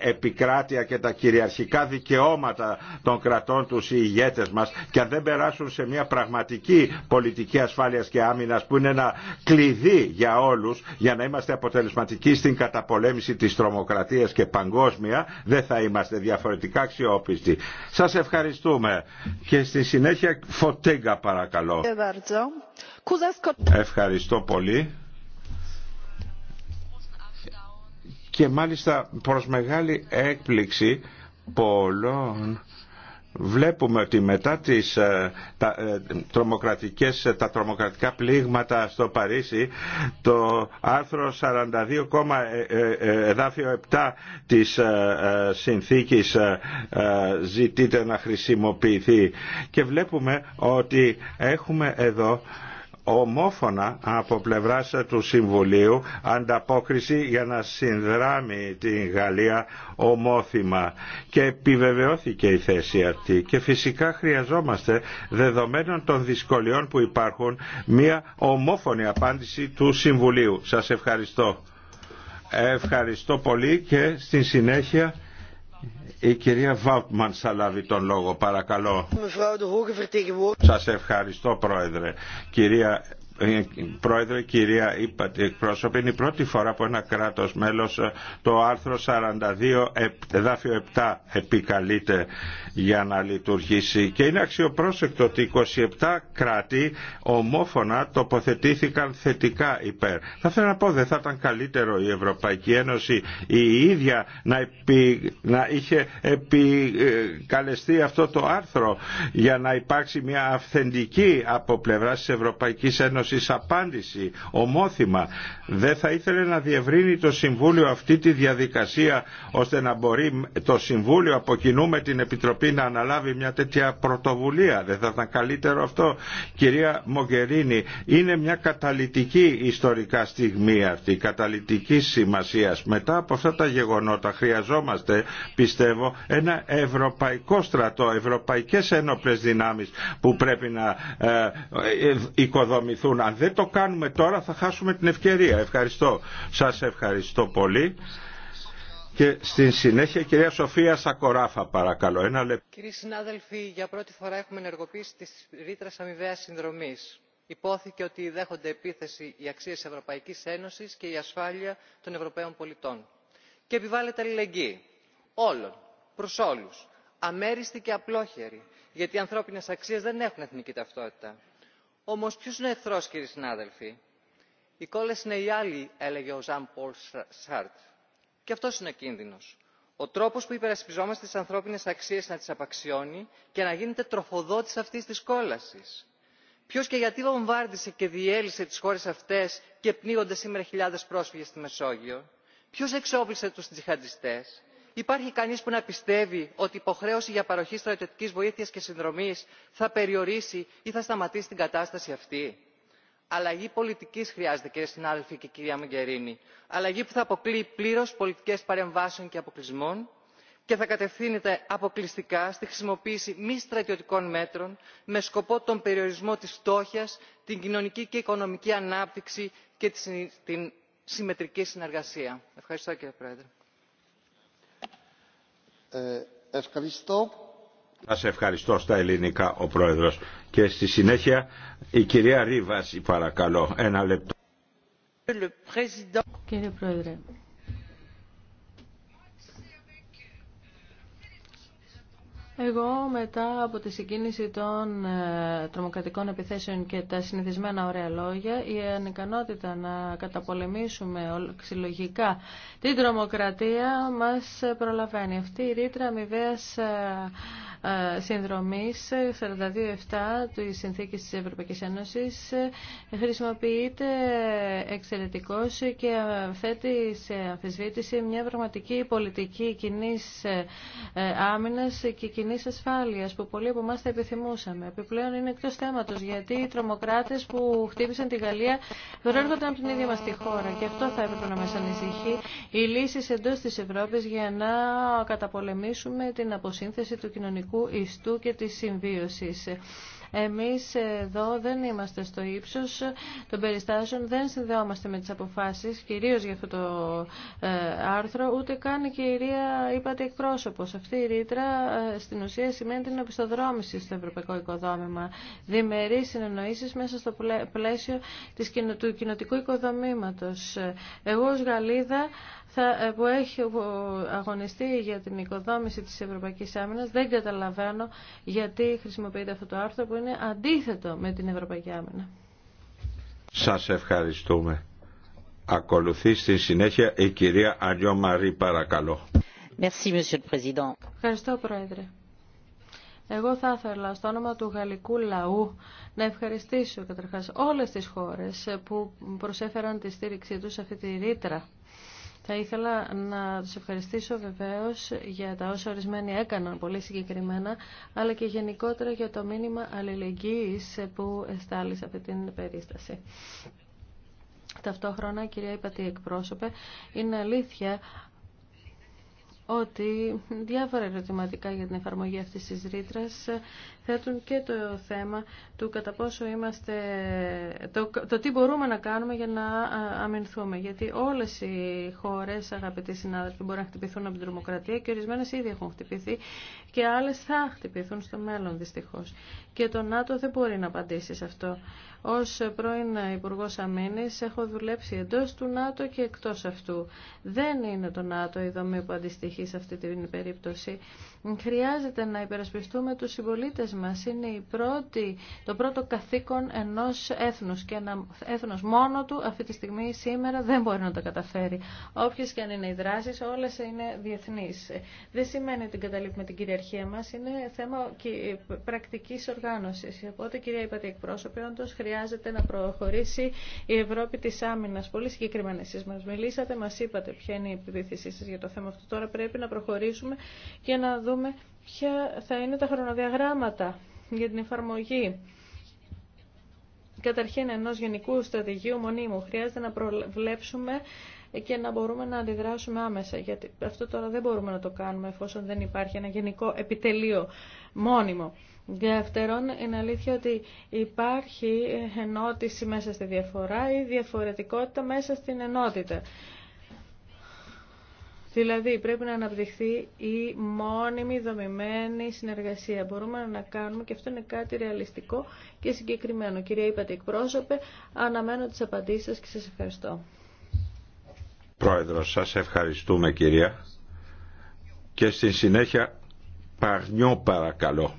επικράτεια και τα κυριαρχικά δικαιώματα των κρατών τους οι ηγέτες μας και αν δεν περάσουν σε μια πραγματική πολιτική ασφάλειας και άμυνας που είναι ένα κλειδί για όλους για να είμαστε αποτελεσματικοί στην καταπολέμηση της τρομοκρατίας Δημοκρατίας και παγκόσμια δεν θα είμαστε διαφορετικά αξιόπιστοι. Σας ευχαριστούμε και στη συνέχεια Φωτέγκα παρακαλώ. Ευχαριστώ πολύ. Και μάλιστα προς μεγάλη έκπληξη πολλών βλέπουμε ότι μετά τις, ε, τα, ε, ε, τα τρομοκρατικά πλήγματα στο Παρίσι το άρθρο 42, εδάφιο 7 της συνθήκης ζητείται να χρησιμοποιηθεί και βλέπουμε ότι έχουμε εδώ ομόφωνα από πλευρά του Συμβουλίου ανταπόκριση για να συνδράμει την Γαλλία ομόθυμα και επιβεβαιώθηκε η θέση αυτή και φυσικά χρειαζόμαστε δεδομένων των δυσκολιών που υπάρχουν μια ομόφωνη απάντηση του Συμβουλίου. Σας ευχαριστώ. Ευχαριστώ πολύ και στη συνέχεια η κυρία Βάουτμαν θα λάβει τον λόγο, παρακαλώ. Σας ευχαριστώ, Πρόεδρε. Ε, πρόεδρε, κυρία είπατε εκπρόσωπη, είναι η πρώτη φορά που ένα κράτος μέλος ε, το άρθρο 42 εδάφιο 7 επικαλείται για να λειτουργήσει και είναι αξιοπρόσεκτο ότι 27 κράτη ομόφωνα τοποθετήθηκαν θετικά υπέρ. Θα ήθελα να πω, δεν θα ήταν καλύτερο η Ευρωπαϊκή Ένωση η ίδια να, να είχε επικαλεστεί αυτό το άρθρο για να υπάρξει μια αυθεντική από πλευρά της Ευρωπαϊκής Ένωσης Ένωσης απάντηση, ομόθυμα. Δεν θα ήθελε να διευρύνει το Συμβούλιο αυτή τη διαδικασία ώστε να μπορεί το Συμβούλιο από κοινού με την Επιτροπή να αναλάβει μια τέτοια πρωτοβουλία. Δεν θα ήταν καλύτερο αυτό. Κυρία Μογκερίνη, είναι μια καταλητική ιστορικά στιγμή αυτή, καταλητική σημασία. Μετά από αυτά τα γεγονότα χρειαζόμαστε, πιστεύω, ένα ευρωπαϊκό στρατό, ευρωπαϊκές ένοπλες δυνάμεις που πρέπει να ε, ε, ε, οικοδομηθούν Λοιπόν, αν δεν το κάνουμε τώρα θα χάσουμε την ευκαιρία. Ευχαριστώ. Σας ευχαριστώ πολύ. Και στην συνέχεια η κυρία Σοφία Σακοράφα παρακαλώ. Ένα λεπτό. Κύριοι συνάδελφοι, για πρώτη φορά έχουμε ενεργοποιήσει τη ρήτρα αμοιβαία συνδρομή. Υπόθηκε ότι δέχονται επίθεση οι αξίε Ευρωπαϊκή Ένωση και η ασφάλεια των Ευρωπαίων πολιτών. Και επιβάλλεται αλληλεγγύη. Όλων. Προ όλου. Αμέριστη και απλόχερη. Γιατί οι ανθρώπινε αξίε δεν έχουν εθνική ταυτότητα. Όμως ποιο είναι ο εχθρός κύριοι συνάδελφοι. Οι κόλλες είναι οι άλλοι έλεγε ο Ζαν Πολ Σάρτ. Και αυτό είναι ο κίνδυνο. Ο τρόπο που υπερασπιζόμαστε τι ανθρώπινε αξίε να τι απαξιώνει και να γίνεται τροφοδότης αυτή τη κόλαση. Ποιο και γιατί βομβάρδισε και διέλυσε τι χώρε αυτέ και πνίγονται σήμερα χιλιάδε πρόσφυγε στη Μεσόγειο. Ποιο εξόπλισε του τζιχαντιστές υπάρχει κανείς που να πιστεύει ότι η υποχρέωση για παροχή στρατιωτικής βοήθειας και συνδρομής θα περιορίσει ή θα σταματήσει την κατάσταση αυτή. αλλαγή πολιτικής χρειάζεται κύριε συνάδελφε και κυρία μογκερίνη αλλαγή που θα αποκλείει πλήρως πολιτικές παρεμβάσεων και αποκλεισμών και θα κατευθύνεται αποκλειστικά στη χρησιμοποίηση μη στρατιωτικών μέτρων με σκοπό τον περιορισμό της φτώχειας την κοινωνική και οικονομική ανάπτυξη και την συμμετρική συνεργασία. ευχαριστώ ε, ευχαριστώ. Σας ευχαριστώ στα ελληνικά ο Πρόεδρος. Και στη συνέχεια η κυρία Ρίβαση παρακαλώ. Ένα λεπτό. Κύριε Πρόεδρε, Εγώ μετά από τη συγκίνηση των ε, τρομοκρατικών επιθέσεων και τα συνηθισμένα ωραία λόγια, η ανικανότητα να καταπολεμήσουμε ξυλογικά την τρομοκρατία μας προλαβαίνει. Αυτή η ρήτρα αμοιβαίας ε, ε, συνδρομής 42-7 του Συνθήκης της Ευρωπαϊκής Ένωσης χρησιμοποιείται εξαιρετικώς και θέτει σε αμφισβήτηση μια πραγματική πολιτική κοινή άμυνας και κοινή ασφάλεια που πολλοί από εμά θα επιθυμούσαμε. Επιπλέον είναι εκτό θέματο γιατί οι τρομοκράτε που χτύπησαν τη Γαλλία προέρχονταν από την ίδια μα τη χώρα και αυτό θα έπρεπε να μα ανησυχεί. Οι λύσει εντό τη Ευρώπη για να καταπολεμήσουμε την αποσύνθεση του κοινωνικού ιστού και τη συμβίωση. Εμείς εδώ δεν είμαστε στο ύψος των περιστάσεων, δεν συνδεόμαστε με τις αποφάσεις, κυρίως για αυτό το ε, άρθρο, ούτε καν η κυρία είπατε εκπρόσωπος. Αυτή η ρήτρα ε, στην ουσία σημαίνει την επιστοδρόμηση στο ευρωπαϊκό οικοδόμημα. Διμερεί συνεννοήσεις μέσα στο πλαίσιο της, του κοινοτικού οικοδομήματος. Εγώ ως Γαλλίδα ε, που έχει αγωνιστεί για την οικοδόμηση της Ευρωπαϊκής Άμυνας δεν καταλαβαίνω γιατί χρησιμοποιείται αυτό το άρθρο που είναι αντίθετο με την Ευρωπαϊκή Άμυνα. Σας ευχαριστούμε. Ακολουθεί στη συνέχεια η κυρία Αλιό Μαρή παρακαλώ. Ευχαριστώ Πρόεδρε. Εγώ θα ήθελα στο όνομα του γαλλικού λαού να ευχαριστήσω καταρχάς όλες τις χώρες που προσέφεραν τη στήριξή τους σε αυτή τη ρήτρα θα ήθελα να του ευχαριστήσω βεβαίως για τα όσα ορισμένοι έκαναν πολύ συγκεκριμένα, αλλά και γενικότερα για το μήνυμα αλληλεγγύης που εστάλει σε αυτή την περίσταση. Ταυτόχρονα, κυρία Υπατή εκπρόσωπε, είναι αλήθεια ότι διάφορα ερωτηματικά για την εφαρμογή αυτής της ρήτρας θέτουν και το θέμα του κατά πόσο είμαστε, το, το τι μπορούμε να κάνουμε για να αμυνθούμε. Γιατί όλε οι χώρες, αγαπητοί συνάδελφοι, μπορεί να χτυπηθούν από την τρομοκρατία και ορισμένε ήδη έχουν χτυπηθεί και άλλε θα χτυπηθούν στο μέλλον δυστυχώ. Και το ΝΑΤΟ δεν μπορεί να απαντήσει σε αυτό. Ω πρώην Υπουργό Αμήνη, έχω δουλέψει εντό του ΝΑΤΟ και εκτό αυτού. Δεν είναι το ΝΑΤΟ η δομή που αντιστοιχεί σε αυτή την περίπτωση. Χρειάζεται να υπερασπιστούμε τους συμπολίτε μας. Είναι η το πρώτο καθήκον ενός έθνους και ένα έθνος μόνο του αυτή τη στιγμή σήμερα δεν μπορεί να το καταφέρει. Όποιες και αν είναι οι δράσεις, όλες είναι διεθνείς. Δεν σημαίνει ότι καταλήγουμε την κυριαρχία μας, είναι θέμα πρακτικής οργάνωσης. Οπότε, κυρία Υπατή εκπρόσωπε, όντως χρειάζεται να προχωρήσει η Ευρώπη της άμυνας. Πολύ συγκεκριμένα εσείς μας μιλήσατε, μας είπατε ποια είναι η σας για το θέμα αυτό. Τώρα πρέπει να προχωρήσουμε και να δούμε ποια θα είναι τα χρονοδιαγράμματα για την εφαρμογή καταρχήν ενό γενικού στρατηγίου μονίμου. Χρειάζεται να προβλέψουμε και να μπορούμε να αντιδράσουμε άμεσα. Γιατί αυτό τώρα δεν μπορούμε να το κάνουμε εφόσον δεν υπάρχει ένα γενικό επιτελείο μόνιμο. Δεύτερον, είναι αλήθεια ότι υπάρχει ενότηση μέσα στη διαφορά ή διαφορετικότητα μέσα στην ενότητα. Δηλαδή πρέπει να αναπτυχθεί η μόνιμη δομημένη συνεργασία. Μπορούμε να κάνουμε και αυτό είναι κάτι ρεαλιστικό και συγκεκριμένο. Κυρία είπατε εκπρόσωπε, αναμένω τις απαντήσεις σας και σας ευχαριστώ. Πρόεδρος, σας ευχαριστούμε κυρία. Και στη συνέχεια Παρνιό παρακαλώ.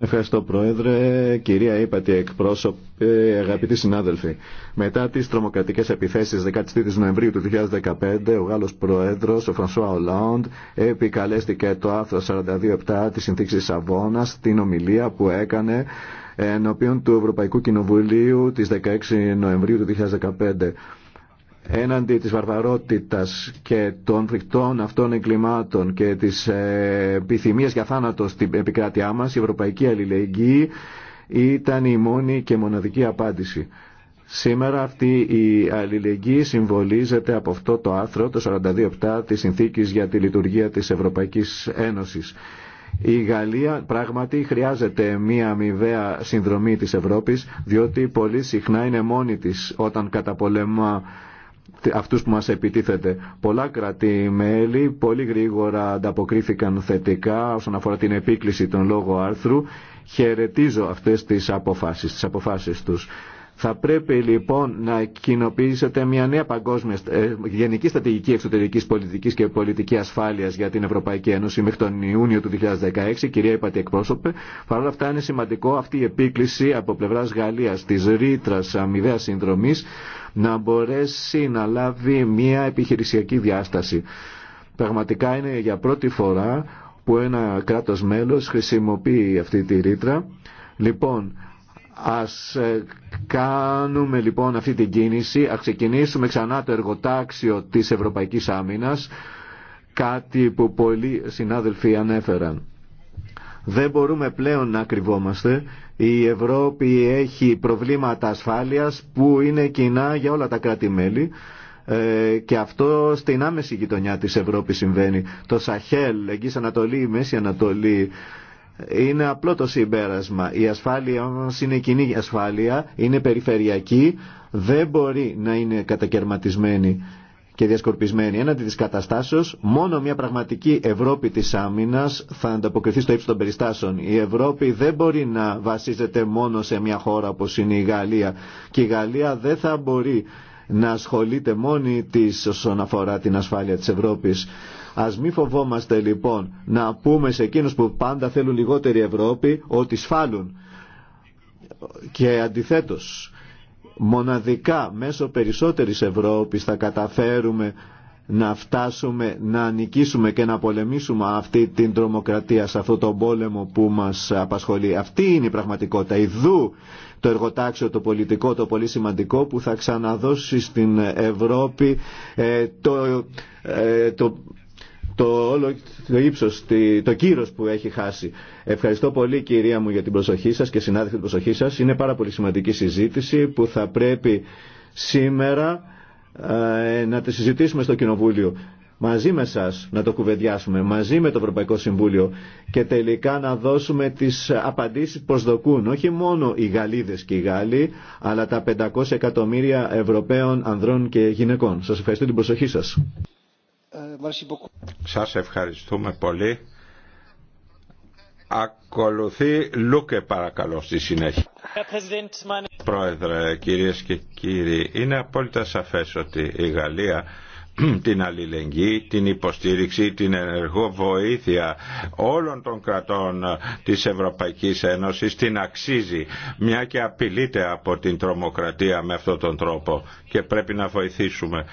Ευχαριστώ Πρόεδρε, κυρία Ήπατη εκπρόσωπη, αγαπητοί συνάδελφοι. Μετά τις τρομοκρατικές επιθέσεις 13 Νοεμβρίου του 2015, ο Γάλλος Πρόεδρος, ο Φρανσουά Ολάντ, επικαλέστηκε το άρθρο 42-7 της Συνθήκης Σαββόνας στην ομιλία που έκανε ενώπιον του Ευρωπαϊκού Κοινοβουλίου της 16 Νοεμβρίου του 2015 έναντι της βαρβαρότητας και των φρικτών αυτών εγκλημάτων και της ε, επιθυμίας για θάνατο στην επικράτειά μας, η Ευρωπαϊκή Αλληλεγγύη ήταν η μόνη και μοναδική απάντηση. Σήμερα αυτή η αλληλεγγύη συμβολίζεται από αυτό το άρθρο, το 42-7 της Συνθήκης για τη Λειτουργία της Ευρωπαϊκής Ένωσης. Η Γαλλία πράγματι χρειάζεται μία αμοιβαία συνδρομή της Ευρώπης, διότι πολύ συχνά είναι μόνη της όταν καταπολεμά αυτούς που μας επιτίθεται. Πολλά κρατή-μέλη πολύ γρήγορα ανταποκρίθηκαν θετικά όσον αφορά την επίκληση των λόγω άρθρου. Χαιρετίζω αυτές τις αποφάσεις, τις αποφάσεις τους. Θα πρέπει λοιπόν να κοινοποιήσετε μια νέα παγκόσμια ε, γενική στρατηγική εξωτερική πολιτική και πολιτική ασφάλεια για την Ευρωπαϊκή Ένωση μέχρι τον Ιούνιο του 2016, κυρία Υπατή Εκπρόσωπε. Παρ' όλα αυτά είναι σημαντικό αυτή η επίκληση από πλευρά Γαλλία τη ρήτρα αμοιβαία συνδρομή να μπορέσει να λάβει μια επιχειρησιακή διάσταση. Πραγματικά είναι για πρώτη φορά που ένα κράτος μέλος χρησιμοποιεί αυτή τη ρήτρα. Λοιπόν, Ας ε, κάνουμε λοιπόν αυτή την κίνηση, ας ξεκινήσουμε ξανά το εργοτάξιο της Ευρωπαϊκής Άμυνας, κάτι που πολλοί συνάδελφοι ανέφεραν. Δεν μπορούμε πλέον να κρυβόμαστε. Η Ευρώπη έχει προβλήματα ασφάλειας που είναι κοινά για όλα τα κράτη-μέλη ε, και αυτό στην άμεση γειτονιά της Ευρώπης συμβαίνει. Το Σαχέλ, εκεί Ανατολή, Μέση Ανατολή, είναι απλό το συμπέρασμα. Η ασφάλεια όμως είναι κοινή ασφάλεια, είναι περιφερειακή, δεν μπορεί να είναι κατακαιρματισμένη και διασκορπισμένη. Έναντι της καταστάσεως, μόνο μια πραγματική Ευρώπη της άμυνας θα ανταποκριθεί στο ύψος των περιστάσεων. Η Ευρώπη δεν μπορεί να βασίζεται μόνο σε μια χώρα όπως είναι η Γαλλία και η Γαλλία δεν θα μπορεί να ασχολείται μόνη της όσον αφορά την ασφάλεια της Ευρώπης. Ας μη φοβόμαστε λοιπόν να πούμε σε εκείνους που πάντα θέλουν λιγότερη Ευρώπη ότι σφάλουν. Και αντιθέτως, μοναδικά μέσω περισσότερης Ευρώπης θα καταφέρουμε να φτάσουμε να νικήσουμε και να πολεμήσουμε αυτή την τρομοκρατία σε αυτό τον πόλεμο που μας απασχολεί. Αυτή είναι η πραγματικότητα. Ιδού το εργοτάξιο, το πολιτικό, το πολύ σημαντικό που θα ξαναδώσει στην Ευρώπη ε, το, ε, το το, όλο, το ύψος, το κύρος που έχει χάσει. Ευχαριστώ πολύ κυρία μου για την προσοχή σας και συνάδελφοι την προσοχή σας. Είναι πάρα πολύ σημαντική συζήτηση που θα πρέπει σήμερα ε, να τη συζητήσουμε στο Κοινοβούλιο. Μαζί με σας να το κουβεντιάσουμε, μαζί με το Ευρωπαϊκό Συμβούλιο και τελικά να δώσουμε τις απαντήσεις που προσδοκούν όχι μόνο οι Γαλλίδες και οι Γάλλοι, αλλά τα 500 εκατομμύρια Ευρωπαίων ανδρών και γυναικών. Σας ευχαριστώ την προσοχή σας. Σας ευχαριστούμε πολύ. Ακολουθεί Λούκε παρακαλώ στη συνέχεια. Πρόεδρε, κυρίες και κύριοι, είναι απόλυτα σαφές ότι η Γαλλία την αλληλεγγύη, την υποστήριξη, την ενεργό βοήθεια όλων των κρατών της Ευρωπαϊκής Ένωσης την αξίζει μια και απειλείται από την τρομοκρατία με αυτόν τον τρόπο και πρέπει να βοηθήσουμε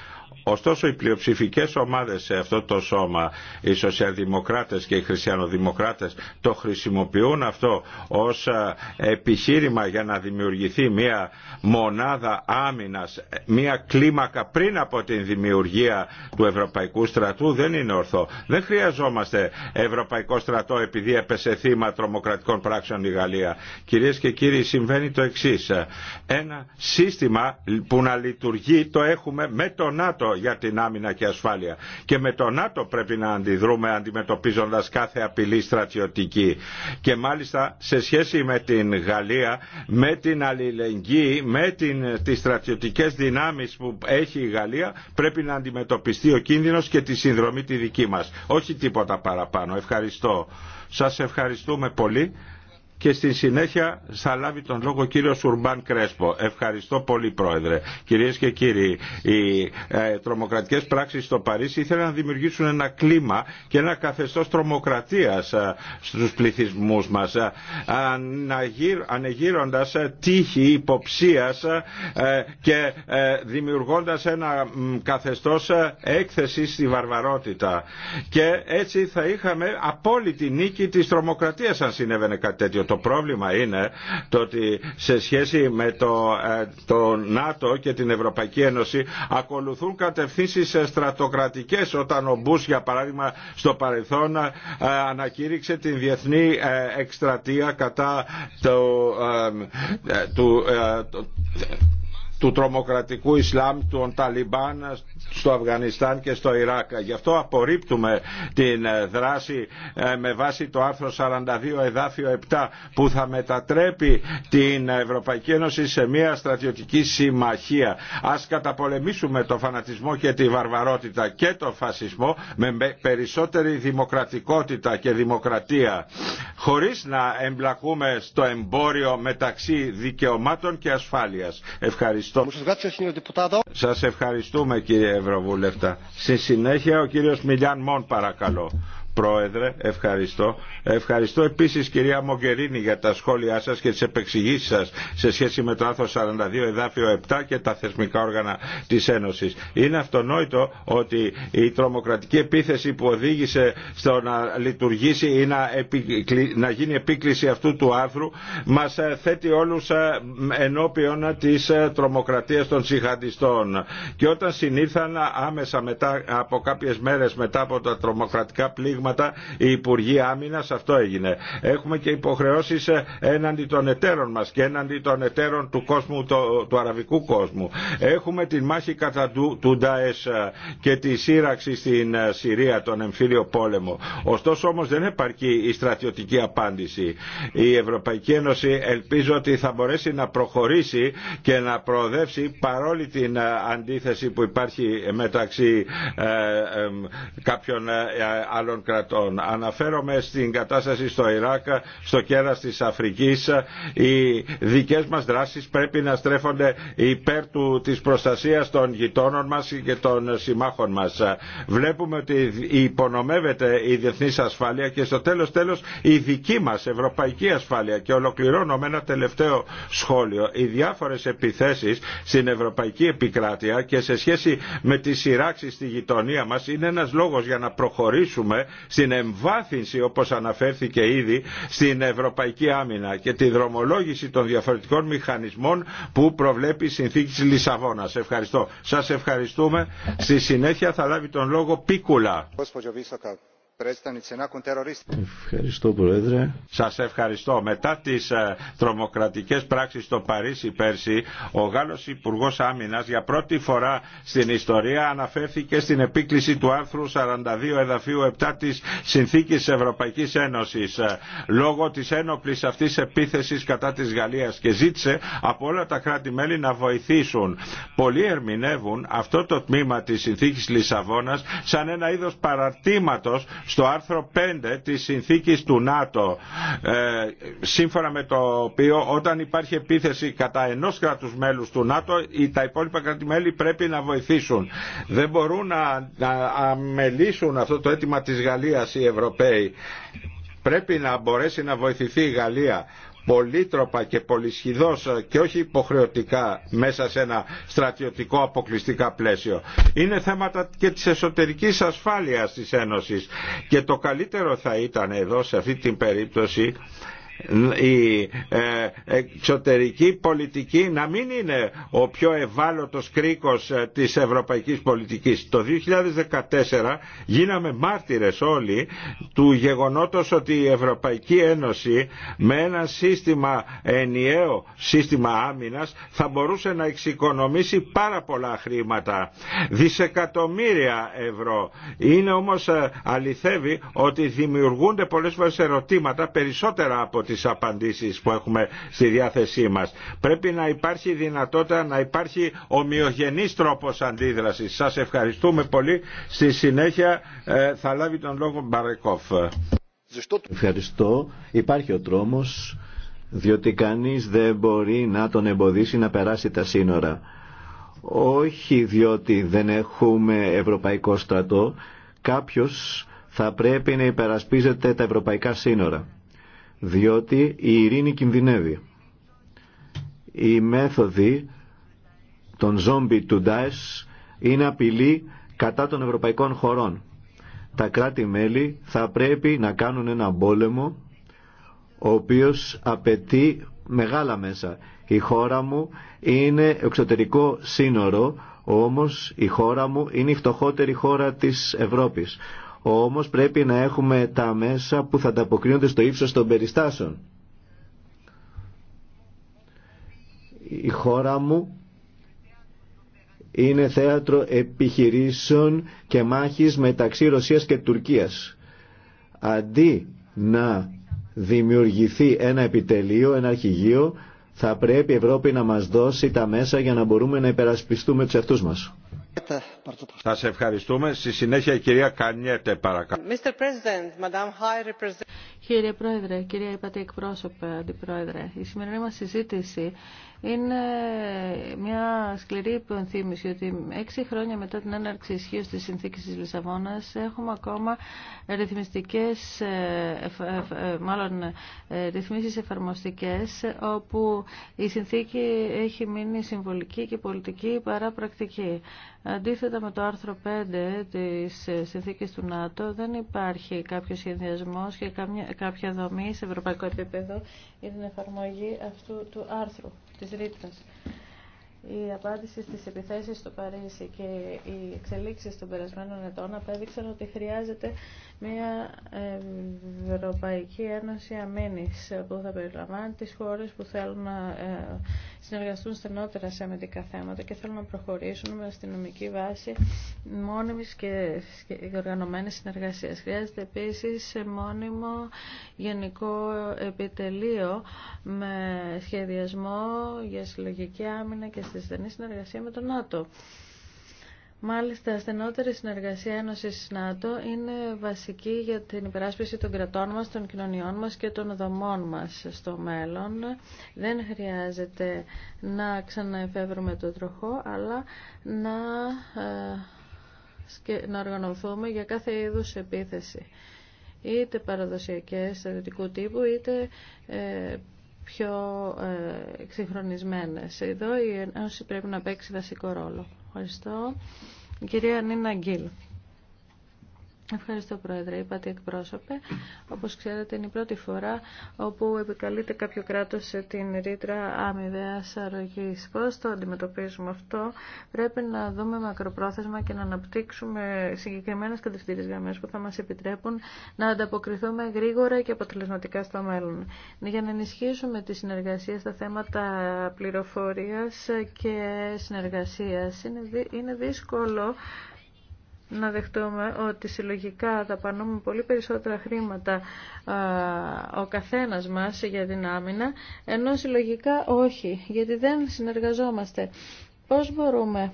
Ωστόσο οι πλειοψηφικές ομάδες σε αυτό το σώμα, οι σοσιαλδημοκράτες και οι χριστιανοδημοκράτες το χρησιμοποιούν αυτό ως ε, επιχείρημα για να δημιουργηθεί μια μονάδα άμυνας, μια κλίμακα πριν από την δημιουργία του Ευρωπαϊκού Στρατού δεν είναι ορθό. Δεν χρειαζόμαστε Ευρωπαϊκό Στρατό επειδή έπεσε θύμα τρομοκρατικών πράξεων η Γαλλία. Κυρίες και κύριοι συμβαίνει το εξής. Ένα σύστημα που να λειτουργεί το έχουμε με το ΝΑΤΟ για την άμυνα και ασφάλεια. Και με το ΝΑΤΟ πρέπει να αντιδρούμε αντιμετωπίζοντας κάθε απειλή στρατιωτική. Και μάλιστα σε σχέση με την Γαλλία, με την αλληλεγγύη, με την, τις στρατιωτικές δυνάμεις που έχει η Γαλλία, πρέπει να αντιμετωπιστεί ο κίνδυνος και τη συνδρομή τη δική μας. Όχι τίποτα παραπάνω. Ευχαριστώ. Σας ευχαριστούμε πολύ και στη συνέχεια θα λάβει τον λόγο ο κύριο Ουρμπάν Κρέσπο. Ευχαριστώ πολύ Πρόεδρε. Κυρίες και κύριοι, οι ε, τρομοκρατικέ πράξει στο Παρίσι ήθελαν να δημιουργήσουν ένα κλίμα και ένα καθεστώ τρομοκρατία ε, στου πληθυσμού μα, ε, ανεγείροντα τύχη υποψίας και δημιουργώντα ένα καθεστώς έκθεση στη βαρβαρότητα. Και έτσι θα είχαμε απόλυτη νίκη τη τρομοκρατία, αν συνέβαινε κάτι τέτοιο. Το πρόβλημα είναι το ότι σε σχέση με το, ε, το ΝΑΤΟ και την Ευρωπαϊκή Ένωση ακολουθούν κατευθύνσει στρατοκρατικές όταν ο Μπούς για παράδειγμα στο παρελθόν ε, ανακήρυξε την διεθνή ε, εκστρατεία κατά το, του του τρομοκρατικού Ισλάμ, του Ταλιμπάν στο Αφγανιστάν και στο Ιράκ. Γι' αυτό απορρίπτουμε την ε, δράση ε, με βάση το άρθρο 42 εδάφιο 7 που θα μετατρέπει την Ευρωπαϊκή Ένωση σε μια στρατιωτική συμμαχία. Ας καταπολεμήσουμε το φανατισμό και τη βαρβαρότητα και το φασισμό με περισσότερη δημοκρατικότητα και δημοκρατία χωρίς να εμπλακούμε στο εμπόριο μεταξύ δικαιωμάτων και ασφάλειας. Ευχαριστώ ευχαριστώ. Σας ευχαριστούμε κύριε Ευρωβουλευτά. Στη συνέχεια ο κύριος Μιλιάν Μον παρακαλώ. Πρόεδρε, ευχαριστώ. Ευχαριστώ επίσης κυρία Μογκερίνη για τα σχόλιά σας και τις επεξηγήσεις σας σε σχέση με το άρθρο 42 εδάφιο 7 και τα θεσμικά όργανα της Ένωσης. Είναι αυτονόητο ότι η τρομοκρατική επίθεση που οδήγησε στο να λειτουργήσει ή να, γίνει επίκληση αυτού του άρθρου μας ε, θέτει όλους ε, ενώπιον της ε, τρομοκρατίας των συγχαντιστών. Και όταν συνήθανα άμεσα μετά από κάποιες μέρες μετά από τα τρομοκρατικά πλήγμα η οι Υπουργοί Άμυνα, αυτό έγινε. Έχουμε και υποχρεώσει ε, έναντι των εταίρων μα και έναντι των εταίρων του κόσμου, του αραβικού κόσμου. Έχουμε την μάχη κατά του, του Ντάεσ ε, και τη σύραξη στην ε, Συρία, τον εμφύλιο πόλεμο. Ωστόσο όμω δεν επαρκεί η στρατιωτική απάντηση. Η Ευρωπαϊκή Ένωση ελπίζω ότι θα μπορέσει να προχωρήσει και να προοδεύσει παρόλη την αντίθεση που υπάρχει μεταξύ ε, ε, κάποιων κρατών. Αναφέρομαι στην κατάσταση στο Ιράκ, στο κέρα της Αφρικής. Οι δικές μας δράσεις πρέπει να στρέφονται υπέρ του, της προστασίας των γειτόνων μας και των συμμάχων μας. Βλέπουμε ότι υπονομεύεται η διεθνής ασφάλεια και στο τέλος τέλος η δική μας ευρωπαϊκή ασφάλεια και ολοκληρώνω με ένα τελευταίο σχόλιο. Οι διάφορες επιθέσεις στην ευρωπαϊκή επικράτεια και σε σχέση με τις σειράξεις στη γειτονία μας είναι ένας λόγος για να προχωρήσουμε στην εμβάθυνση όπως αναφέρθηκε ήδη στην Ευρωπαϊκή Άμυνα και τη δρομολόγηση των διαφορετικών μηχανισμών που προβλέπει η συνθήκη της Λισαβόνας. Ευχαριστώ. Σας ευχαριστούμε. Στη συνέχεια θα λάβει τον λόγο Πίκουλα. Ευχαριστώ Πρόεδρε. Σα ευχαριστώ. Μετά τις ε, τρομοκρατικέ πράξει στο Παρίσι πέρσι, ο Γάλλο Υπουργό Άμυνα, για πρώτη φορά στην ιστορία αναφέρθηκε στην επίκληση του άρθρου 42 εδαφίου 7 της Συνθήκης Ευρωπαϊκή Ευρωπαϊκής Ένωσης ε, λόγω τη ένοπλη αυτή επίθεση κατά τη Γαλλία. και ζήτησε από όλα τα κράτη-μέλη να βοηθήσουν. Πολλοί ερμηνεύουν αυτό το τμήμα τη συνθήκη Λισαβόνα σαν ένα είδο παραρτήματος στο άρθρο 5 της συνθήκης του ΝΑΤΟ ε, σύμφωνα με το οποίο όταν υπάρχει επίθεση κατά ενός κράτους μέλους του ΝΑΤΟ τα υπόλοιπα κράτη-μέλη πρέπει να βοηθήσουν. Δεν μπορούν να, να αμελήσουν αυτό το αίτημα της Γαλλίας οι Ευρωπαίοι. Πρέπει να μπορέσει να βοηθηθεί η Γαλλία πολύτροπα και πολυσχηδώς και όχι υποχρεωτικά μέσα σε ένα στρατιωτικό αποκλειστικά πλαίσιο. Είναι θέματα και της εσωτερικής ασφάλειας της Ένωσης και το καλύτερο θα ήταν εδώ σε αυτή την περίπτωση η ε, εξωτερική πολιτική να μην είναι ο πιο ευάλωτος κρίκος ε, της ευρωπαϊκής πολιτικής. Το 2014 γίναμε μάρτυρες όλοι του γεγονότος ότι η Ευρωπαϊκή Ένωση με ένα σύστημα ενιαίο σύστημα άμυνας θα μπορούσε να εξοικονομήσει πάρα πολλά χρήματα. Δισεκατομμύρια ευρώ. Είναι όμως ε, αληθεύει ότι δημιουργούνται πολλές φορές ερωτήματα περισσότερα από τις απαντήσεις που έχουμε στη διάθεσή μας. Πρέπει να υπάρχει δυνατότητα να υπάρχει ομοιογενής τρόπος αντίδρασης. Σας ευχαριστούμε πολύ. Στη συνέχεια ε, θα λάβει τον λόγο Μπαρεκόφ. Ευχαριστώ. Υπάρχει ο τρόμος διότι κανείς δεν μπορεί να τον εμποδίσει να περάσει τα σύνορα. Όχι διότι δεν έχουμε ευρωπαϊκό στρατό, κάποιος θα πρέπει να υπερασπίζεται τα ευρωπαϊκά σύνορα διότι η ειρήνη κινδυνεύει. Η μέθοδοι των ζόμπι του Ντάες είναι απειλή κατά των ευρωπαϊκών χωρών. Τα κράτη-μέλη θα πρέπει να κάνουν ένα πόλεμο ο οποίος απαιτεί μεγάλα μέσα. Η χώρα μου είναι εξωτερικό σύνορο, όμως η χώρα μου είναι η φτωχότερη χώρα της Ευρώπης. Όμως πρέπει να έχουμε τα μέσα που θα ανταποκρίνονται στο ύψος των περιστάσεων. Η χώρα μου είναι θέατρο επιχειρήσεων και μάχης μεταξύ Ρωσίας και Τουρκίας. Αντί να δημιουργηθεί ένα επιτελείο, ένα αρχηγείο, θα πρέπει η Ευρώπη να μας δώσει τα μέσα για να μπορούμε να υπερασπιστούμε τους εαυτούς μας. Σας ευχαριστούμε. Στη συνέχεια η κυρία Κανιέτε παρακαλώ. Κύριε Πρόεδρε, κυρία Υπάτη Εκπρόσωπε, Αντιπρόεδρε, η σημερινή μας συζήτηση είναι μια σκληρή υπενθύμηση ότι έξι χρόνια μετά την έναρξη ισχύω της συνθήκης της Λισαβόνας έχουμε ακόμα ρυθμιστικές, ε, ε, μάλλον ε, ρυθμίσεις εφαρμοστικές όπου η συνθήκη έχει μείνει συμβολική και πολιτική παρά πρακτική. Αντίθετα με το άρθρο 5 της συνθήκης του ΝΑΤΟ δεν υπάρχει κάποιο συνδυασμό και κάποια δομή σε ευρωπαϊκό επίπεδο για την εφαρμογή αυτού του άρθρου της της Η απάντηση στις επιθέσεις στο Παρίσι και οι εξελίξεις των περασμένων ετών απέδειξαν ότι χρειάζεται μια Ευρωπαϊκή Ένωση Αμήνης που θα περιλαμβάνει τις χώρες που θέλουν να ε, συνεργαστούν στενότερα σε αμυντικά θέματα και θέλουν να προχωρήσουν με αστυνομική βάση μόνιμη και οργανωμένη συνεργασία. Χρειάζεται επίσης μόνιμο γενικό επιτελείο με σχεδιασμό για συλλογική άμυνα και στη στενή συνεργασία με τον ΝΑΤΟ. Μάλιστα, ασθενοτερη συνεργασία Ένωση ΝΑΤΟ είναι βασική για την υπεράσπιση των κρατών μα, των κοινωνιών μα και των δομών μα στο μέλλον. Δεν χρειάζεται να ξαναεφεύρουμε το τροχό, αλλά να, ε, να οργανωθούμε για κάθε είδου επίθεση. Είτε παραδοσιακέ στρατιωτικού τύπου, είτε ε, πιο ε, εξυγχρονισμένε. Εδώ η Ένωση πρέπει να παίξει βασικό ρόλο. Ευχαριστώ. Η κυρία Νίνα Γκίλ. Ευχαριστώ Πρόεδρε. Είπατε εκπρόσωπε. Όπως ξέρετε είναι η πρώτη φορά όπου επικαλείται κάποιο κράτος σε την ρήτρα αμοιβαίας αρρωγής. Πώς το αντιμετωπίζουμε αυτό. Πρέπει να δούμε μακροπρόθεσμα και να αναπτύξουμε συγκεκριμένες κατευθυντήρες γραμμές που θα μας επιτρέπουν να ανταποκριθούμε γρήγορα και αποτελεσματικά στο μέλλον. Για να ενισχύσουμε τη συνεργασία στα θέματα πληροφορίας και συνεργασίας. Είναι δύσκολο να δεχτούμε ότι συλλογικά δαπανούμε πολύ περισσότερα χρήματα ο καθένας μας για την ενώ συλλογικά όχι, γιατί δεν συνεργαζόμαστε. Πώς μπορούμε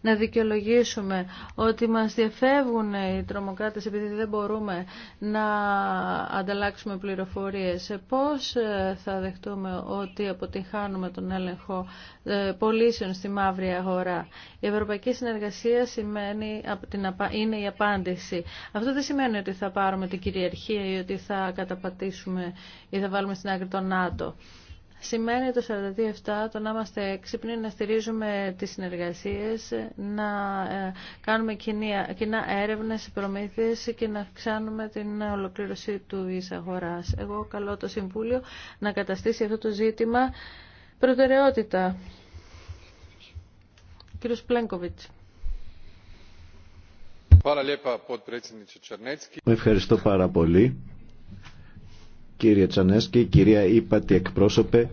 να δικαιολογήσουμε ότι μας διαφεύγουν οι τρομοκράτες επειδή δεν μπορούμε να ανταλλάξουμε πληροφορίες. Πώς ε, θα δεχτούμε ότι αποτυχάνουμε τον έλεγχο ε, πωλήσεων στη μαύρη αγορά. Η ευρωπαϊκή συνεργασία σημαίνει, είναι η απάντηση. Αυτό δεν σημαίνει ότι θα πάρουμε την κυριαρχία ή ότι θα καταπατήσουμε ή θα βάλουμε στην άκρη τον Άντο. Σημαίνει το 42-7 το να είμαστε έξυπνοι, να στηρίζουμε τις συνεργασίες, να ε, κάνουμε κοινά έρευνες, προμήθειες και να αυξάνουμε την ολοκλήρωση του εισαγοράς. Εγώ καλώ το Συμβούλιο να καταστήσει αυτό το ζήτημα προτεραιότητα. Κύριος Πλένκοβιτς. Ευχαριστώ πάρα πολύ κύριε Τσανέσκη, κυρία Ήπατη εκπρόσωπε,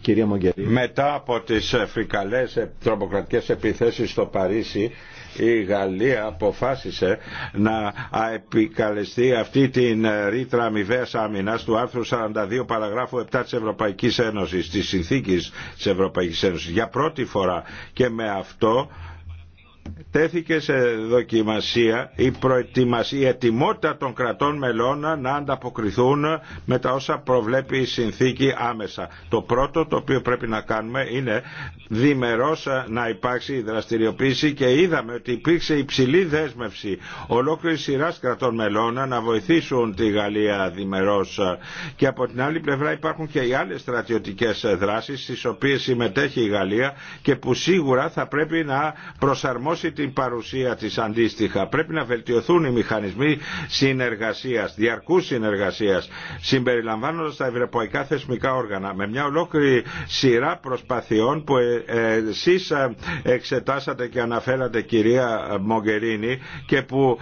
κυρία Μογγελή. Μετά από τις ε, φρικαλές ε, τρομοκρατικές επιθέσεις στο Παρίσι, η Γαλλία αποφάσισε να επικαλεστεί αυτή την ε, ρήτρα αμοιβαία άμυνα του άρθρου 42 παραγράφου 7 τη Ευρωπαϊκής Ένωσης, τη συνθήκη τη Ευρωπαϊκής Ένωσης. Για πρώτη φορά και με αυτό τέθηκε σε δοκιμασία η προετοιμασία, η ετοιμότητα των κρατών μελών να ανταποκριθούν με τα όσα προβλέπει η συνθήκη άμεσα. Το πρώτο το οποίο πρέπει να κάνουμε είναι διμερώς να υπάρξει η δραστηριοποίηση και είδαμε ότι υπήρξε υψηλή δέσμευση ολόκληρη σειρά κρατών μελών να βοηθήσουν τη Γαλλία διμερώς και από την άλλη πλευρά υπάρχουν και οι άλλες στρατιωτικές δράσεις στις οποίες συμμετέχει η Γαλλία και που σίγουρα θα πρέπει να προσαρμόσει βελτιώσει την παρουσία της αντίστοιχα. Πρέπει να βελτιωθούν οι μηχανισμοί συνεργασίας, διαρκούς συνεργασίας, συμπεριλαμβάνοντας τα ευρωπαϊκά θεσμικά όργανα με μια ολόκληρη σειρά προσπαθειών που ε, ε, εσείς ε, εξετάσατε και αναφέρατε κυρία Μογκερίνη και που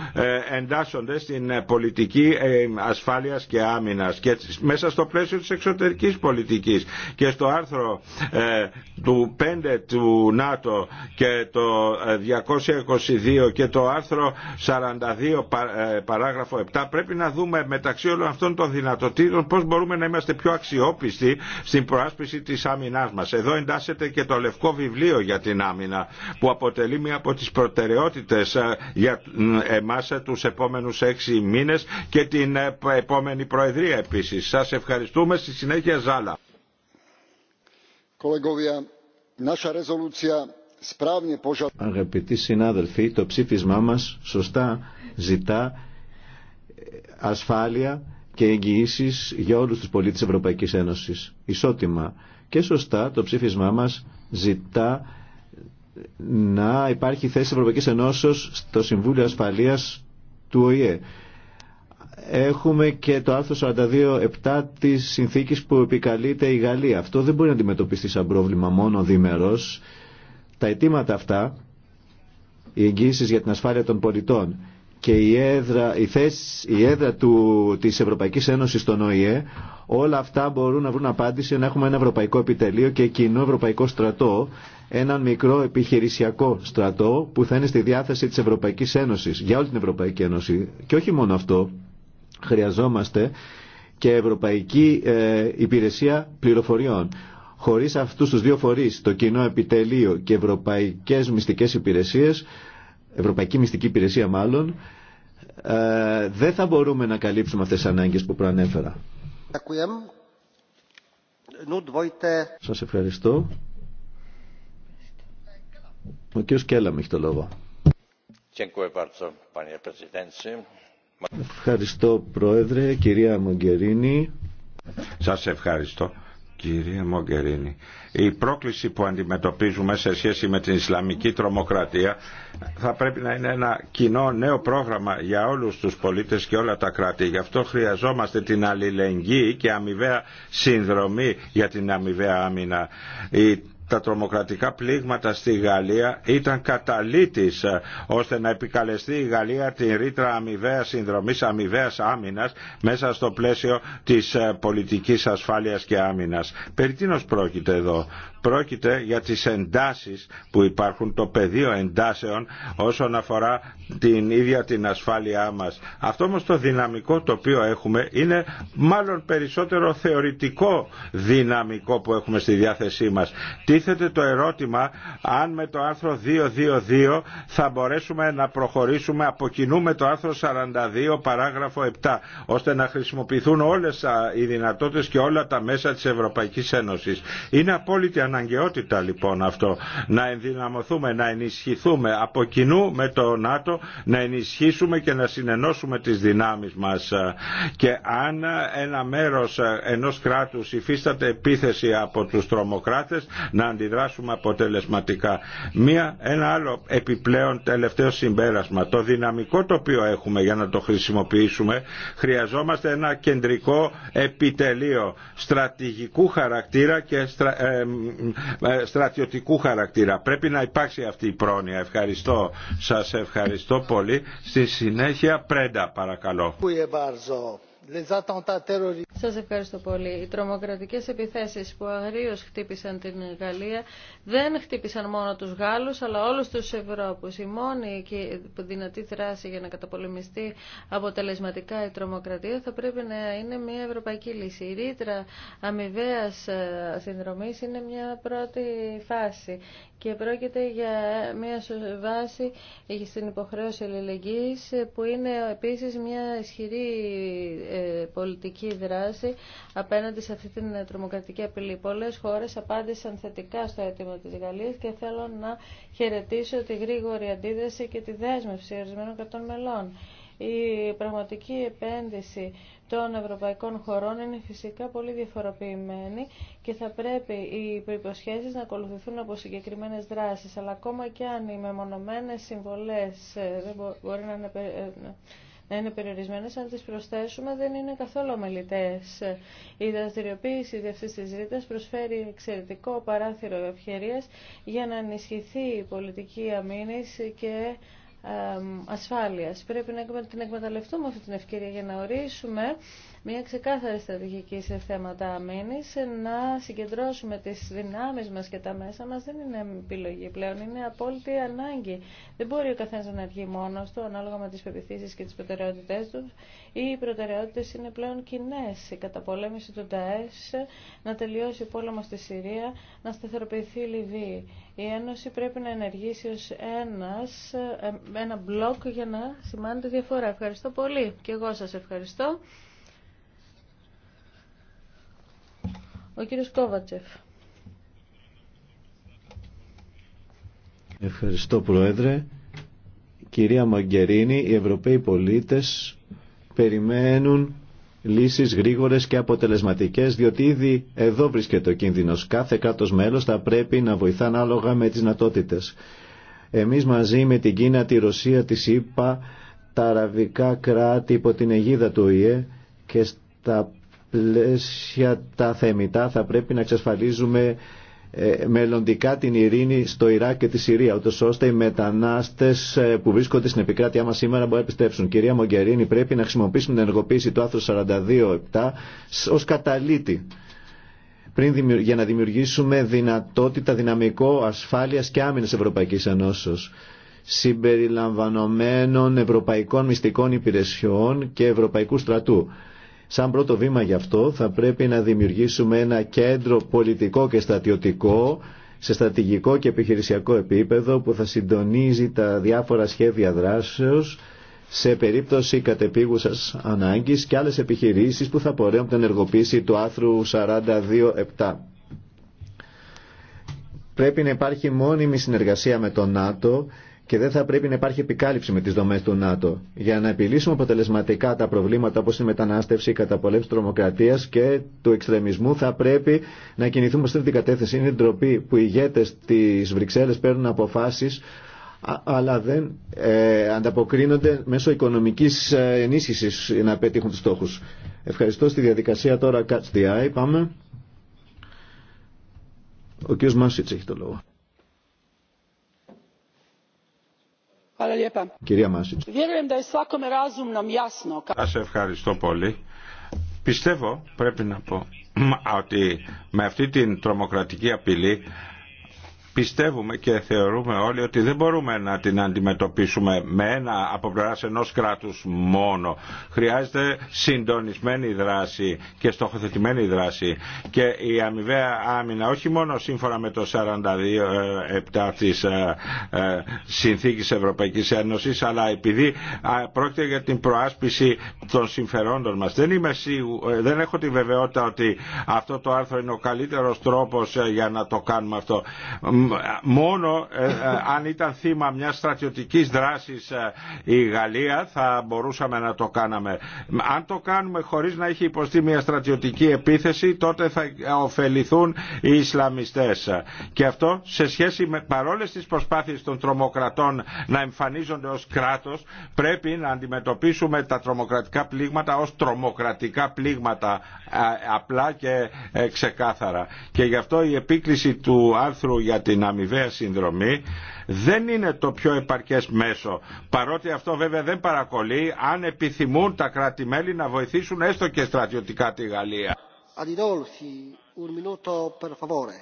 εντάσσονται στην πολιτική ασφάλειας και άμυνας και μέσα στο πλαίσιο της εξωτερικής πολιτικής και στο άρθρο του 5 του ΝΑΤΟ και το 222 και το άρθρο 42 ε, παράγραφο 7 πρέπει να δούμε μεταξύ όλων αυτών των δυνατοτήτων πώς μπορούμε να είμαστε πιο αξιόπιστοι στην προάσπιση της άμυνάς μας. Εδώ εντάσσεται και το λευκό βιβλίο για την άμυνα που αποτελεί μία από τις προτεραιότητες ε, για εμάς τους επόμενους έξι μήνες και την ε, επόμενη Προεδρία επίσης. Σας ευχαριστούμε. Στη συνέχεια Ζάλα. Αγαπητοί συνάδελφοι, το ψήφισμά μας σωστά ζητά ε, ασφάλεια και εγγυήσει για όλους τους πολίτες της Ευρωπαϊκής Ένωσης. Ισότιμα. Και σωστά το ψήφισμά μας ζητά ε, να υπάρχει θέση Ευρωπαϊκής Ενώσεως στο Συμβούλιο Ασφαλείας του ΟΗΕ. Έχουμε και το άρθρο 42.7 της συνθήκης που επικαλείται η Γαλλία. Αυτό δεν μπορεί να αντιμετωπιστεί σαν πρόβλημα μόνο διμερός. Τα αιτήματα αυτά, οι εγγύησει για την ασφάλεια των πολιτών και η έδρα, η θέση, η έδρα του, της Ευρωπαϊκής Ένωσης στον ΟΗΕ, όλα αυτά μπορούν να βρουν απάντηση να έχουμε ένα ευρωπαϊκό επιτελείο και κοινό ευρωπαϊκό στρατό, έναν μικρό επιχειρησιακό στρατό που θα είναι στη διάθεση της Ευρωπαϊκής Ένωσης, για όλη την Ευρωπαϊκή Ένωση. Και όχι μόνο αυτό, χρειαζόμαστε και Ευρωπαϊκή ε, Υπηρεσία Πληροφοριών Χωρίς αυτούς τους δύο φορείς, το κοινό επιτελείο και ευρωπαϊκές μυστικές υπηρεσίες, ευρωπαϊκή μυστική υπηρεσία μάλλον, ε, δεν θα μπορούμε να καλύψουμε αυτές τις ανάγκες που προανέφερα. Σας ευχαριστώ. Ο κ. Κέλαμ έχει το λόγο. Ευχαριστώ Πρόεδρε, κυρία Μογκερίνη. Σας ευχαριστώ. Κυρία Μογκερίνη, η πρόκληση που αντιμετωπίζουμε σε σχέση με την Ισλαμική τρομοκρατία θα πρέπει να είναι ένα κοινό νέο πρόγραμμα για όλους τους πολίτες και όλα τα κράτη. Γι' αυτό χρειαζόμαστε την αλληλεγγύη και αμοιβαία συνδρομή για την αμοιβαία άμυνα τα τρομοκρατικά πλήγματα στη Γαλλία ήταν καταλήτης ε, ώστε να επικαλεστεί η Γαλλία την ρήτρα αμοιβαία συνδρομής, αμοιβαία άμυνας μέσα στο πλαίσιο της ε, πολιτικής ασφάλειας και άμυνας. Περί τίνος πρόκειται εδώ. Πρόκειται για τις εντάσεις που υπάρχουν, το πεδίο εντάσεων όσον αφορά την ίδια την ασφάλειά μας. Αυτό όμως το δυναμικό το οποίο έχουμε είναι μάλλον περισσότερο θεωρητικό δυναμικό που έχουμε στη διάθεσή μας. Τίθεται το ερώτημα αν με το άρθρο 222 θα μπορέσουμε να προχωρήσουμε από με το άρθρο 42 παράγραφο 7 ώστε να χρησιμοποιηθούν όλες οι δυνατότητες και όλα τα μέσα της Ευρωπαϊκής Ένωσης. Είναι απόλυτη αναγκαιότητα λοιπόν αυτό να ενδυναμωθούμε, να ενισχυθούμε από κοινού με το ΝΑΤΟ να ενισχύσουμε και να συνενώσουμε τις δυνάμεις μας και αν ένα μέρος ενός κράτους υφίσταται επίθεση από τους τρομοκράτες να αντιδράσουμε αποτελεσματικά. Μία, ένα άλλο επιπλέον τελευταίο συμπέρασμα. Το δυναμικό το οποίο έχουμε για να το χρησιμοποιήσουμε χρειαζόμαστε ένα κεντρικό επιτελείο στρατηγικού χαρακτήρα και ε, στρατιωτικού χαρακτήρα. Πρέπει να υπάρξει αυτή η πρόνοια. Ευχαριστώ. Σας ευχαριστώ πολύ. Στη συνέχεια πρέντα παρακαλώ. Σας ευχαριστώ πολύ. Οι τρομοκρατικές επιθέσεις που αγρίως χτύπησαν την Γαλλία δεν χτύπησαν μόνο τους Γάλλους αλλά όλους τους Ευρώπους. Η μόνη και δυνατή δράση για να καταπολεμιστεί αποτελεσματικά η τρομοκρατία θα πρέπει να είναι μια ευρωπαϊκή λύση. Η ρήτρα αμοιβαία ε, συνδρομής είναι μια πρώτη φάση και πρόκειται για μια βάση στην υποχρέωση αλληλεγγύης που είναι επίσης μια ισχυρή ε, ε, πολιτική δράση απέναντι σε αυτή την ε, τρομοκρατική απειλή. Πολλές χώρες απάντησαν θετικά στο αίτημα της Γαλλίας και θέλω να χαιρετήσω τη γρήγορη αντίδραση και τη δέσμευση ορισμένων κρατών μελών. Η πραγματική επένδυση των ευρωπαϊκών χωρών είναι φυσικά πολύ διαφοροποιημένη και θα πρέπει οι προϋποσχέσεις να ακολουθηθούν από συγκεκριμένες δράσεις. Αλλά ακόμα και αν οι μεμονωμένες συμβολές ε, δεν μπορεί να είναι να είναι περιορισμένες, αν τις προσθέσουμε δεν είναι καθόλου ομελητές. Η δραστηριοποίηση αυτής της ρήτας προσφέρει εξαιρετικό παράθυρο ευκαιρίας για να ενισχυθεί η πολιτική αμήνης και ασφάλειας. Πρέπει να την εκμεταλλευτούμε αυτή την ευκαιρία για να ορίσουμε μια ξεκάθαρη στρατηγική σε θέματα αμήνης, να συγκεντρώσουμε τις δυνάμεις μας και τα μέσα μας δεν είναι επιλογή πλέον, είναι απόλυτη ανάγκη. Δεν μπορεί ο καθένας να ενεργεί μόνος του, ανάλογα με τις πεπιθήσεις και τις προτεραιότητές του. Οι προτεραιότητες είναι πλέον κοινέ. Η καταπολέμηση του ΤΑΕΣ, να τελειώσει ο πόλεμος στη Συρία, να σταθεροποιηθεί η Λιβύη. Η Ένωση πρέπει να ενεργήσει ως ένας, ε, ένα μπλοκ για να σημάνει τη διαφορά. Ευχαριστώ πολύ και εγώ σας ευχαριστώ. Ο κύριος Κόβατσεφ. Ευχαριστώ Πρόεδρε. Κυρία Μαγκερίνη, οι Ευρωπαίοι πολίτες περιμένουν λύσεις γρήγορες και αποτελεσματικές, διότι ήδη εδώ βρίσκεται ο κίνδυνος. Κάθε κράτος μέλος θα πρέπει να βοηθά ανάλογα με τις δυνατότητες. Εμείς μαζί με την Κίνα, τη Ρωσία, τη ΣΥΠΑ, τα αραβικά κράτη υπό την αιγίδα του ΟΗΕ και στα πλαίσια τα θεμητά θα πρέπει να εξασφαλίζουμε ε, μελλοντικά την ειρήνη στο Ιράκ και τη Συρία, ούτως ώστε οι μετανάστε ε, που βρίσκονται στην επικράτειά μα σήμερα μπορούν να επιστρέψουν. Κυρία Μογκερίνη, πρέπει να χρησιμοποιήσουμε την ενεργοποίηση του άθρος 42-7 ω καταλήτη πριν, για να δημιουργήσουμε δυνατότητα, δυναμικό ασφάλεια και άμυνα Ευρωπαϊκή Ενώσεω, συμπεριλαμβανομένων ευρωπαϊκών μυστικών υπηρεσιών και ευρωπαϊκού στρατού. Σαν πρώτο βήμα γι' αυτό θα πρέπει να δημιουργήσουμε ένα κέντρο πολιτικό και στατιωτικό σε στρατηγικό και επιχειρησιακό επίπεδο που θα συντονίζει τα διάφορα σχέδια δράσεως σε περίπτωση κατεπίγουσας ανάγκης και άλλες επιχειρήσεις που θα πορεύουν την ενεργοποίηση του 42 42-7. Πρέπει να υπάρχει μόνιμη συνεργασία με το ΝΑΤΟ και δεν θα πρέπει να υπάρχει επικάλυψη με τις δομές του ΝΑΤΟ. Για να επιλύσουμε αποτελεσματικά τα προβλήματα όπως η μετανάστευση, η καταπολέμηση τρομοκρατίας και του εξτρεμισμού θα πρέπει να κινηθούμε σε αυτή την κατεύθυνση. Είναι ντροπή που οι ηγέτες της Βρυξέλλες παίρνουν αποφάσεις αλλά δεν ε, ανταποκρίνονται μέσω οικονομικής ε, ενίσχυσης να πετύχουν τους στόχους. Ευχαριστώ στη διαδικασία τώρα Catch the Eye. Πάμε. Ο κ. Μάσιτς έχει το λόγο. Κυρία Μάση. Σας ευχαριστώ πολύ. Πιστεύω, πρέπει να πω, ότι με αυτή την τρομοκρατική απειλή πιστεύουμε και θεωρούμε όλοι ότι δεν μπορούμε να την αντιμετωπίσουμε με ένα από πλευρά ενό κράτου μόνο. Χρειάζεται συντονισμένη δράση και στοχοθετημένη δράση. Και η αμοιβαία άμυνα, όχι μόνο σύμφωνα με το 42-7 ε, τη ε, ε, συνθήκη Ευρωπαϊκή Ένωση, αλλά επειδή πρόκειται για την προάσπιση των συμφερόντων μα. Δεν, δεν έχω τη βεβαιότητα ότι αυτό το άρθρο είναι ο καλύτερο τρόπο για να το κάνουμε αυτό ε, μόνο ε, ε, αν ήταν θύμα μιας στρατιωτικής δράσης η Γαλλία θα μπορούσαμε να το κάναμε. Αν το κάνουμε χωρίς να έχει υποστεί μια στρατιωτική επίθεση τότε θα ωφεληθούν οι Ισλαμιστές. Και αυτό σε σχέση με παρόλες τις προσπάθειες των τρομοκρατών να εμφανίζονται ως κράτος πρέπει να αντιμετωπίσουμε τα τρομοκρατικά πλήγματα ως τρομοκρατικά πλήγματα απλά και ξεκάθαρα. Και γι' αυτό η επίκληση του άρθρου για την αμοιβαία συνδρομή δεν είναι το πιο επαρκές μέσο. Παρότι αυτό βέβαια δεν παρακολεί αν επιθυμούν τα κράτη-μέλη να βοηθήσουν έστω και στρατιωτικά τη Γαλλία. un minuto per favore.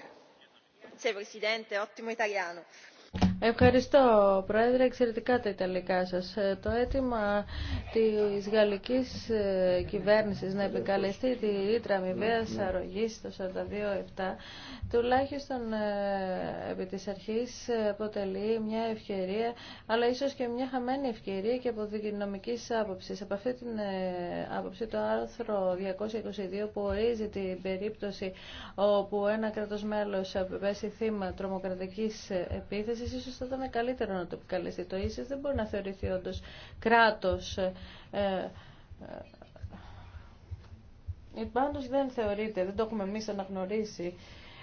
Grazie Presidente, ottimo Ευχαριστώ, Πρόεδρε. Εξαιρετικά τα Ιταλικά σας. Ε, το αίτημα της γαλλικής ε, κυβέρνησης να επικαλεστεί τη ρήτρα αμοιβαίας αρρωγής το 42-7 τουλάχιστον ε, επί της αρχής αποτελεί μια ευκαιρία αλλά ίσως και μια χαμένη ευκαιρία και από δικονομικής άποψης. Από αυτή την άποψη το άρθρο 222 που ορίζει την περίπτωση όπου ένα κράτος μέλος πέσει θύμα τρομοκρατικής επίθεσης ίσως θα ήταν καλύτερο να το επικαλεστεί. Το ίσως δεν μπορεί να θεωρηθεί όντω κράτος. Ε, ε, ε, ε, Πάντως δεν θεωρείται, δεν το έχουμε εμεί αναγνωρίσει.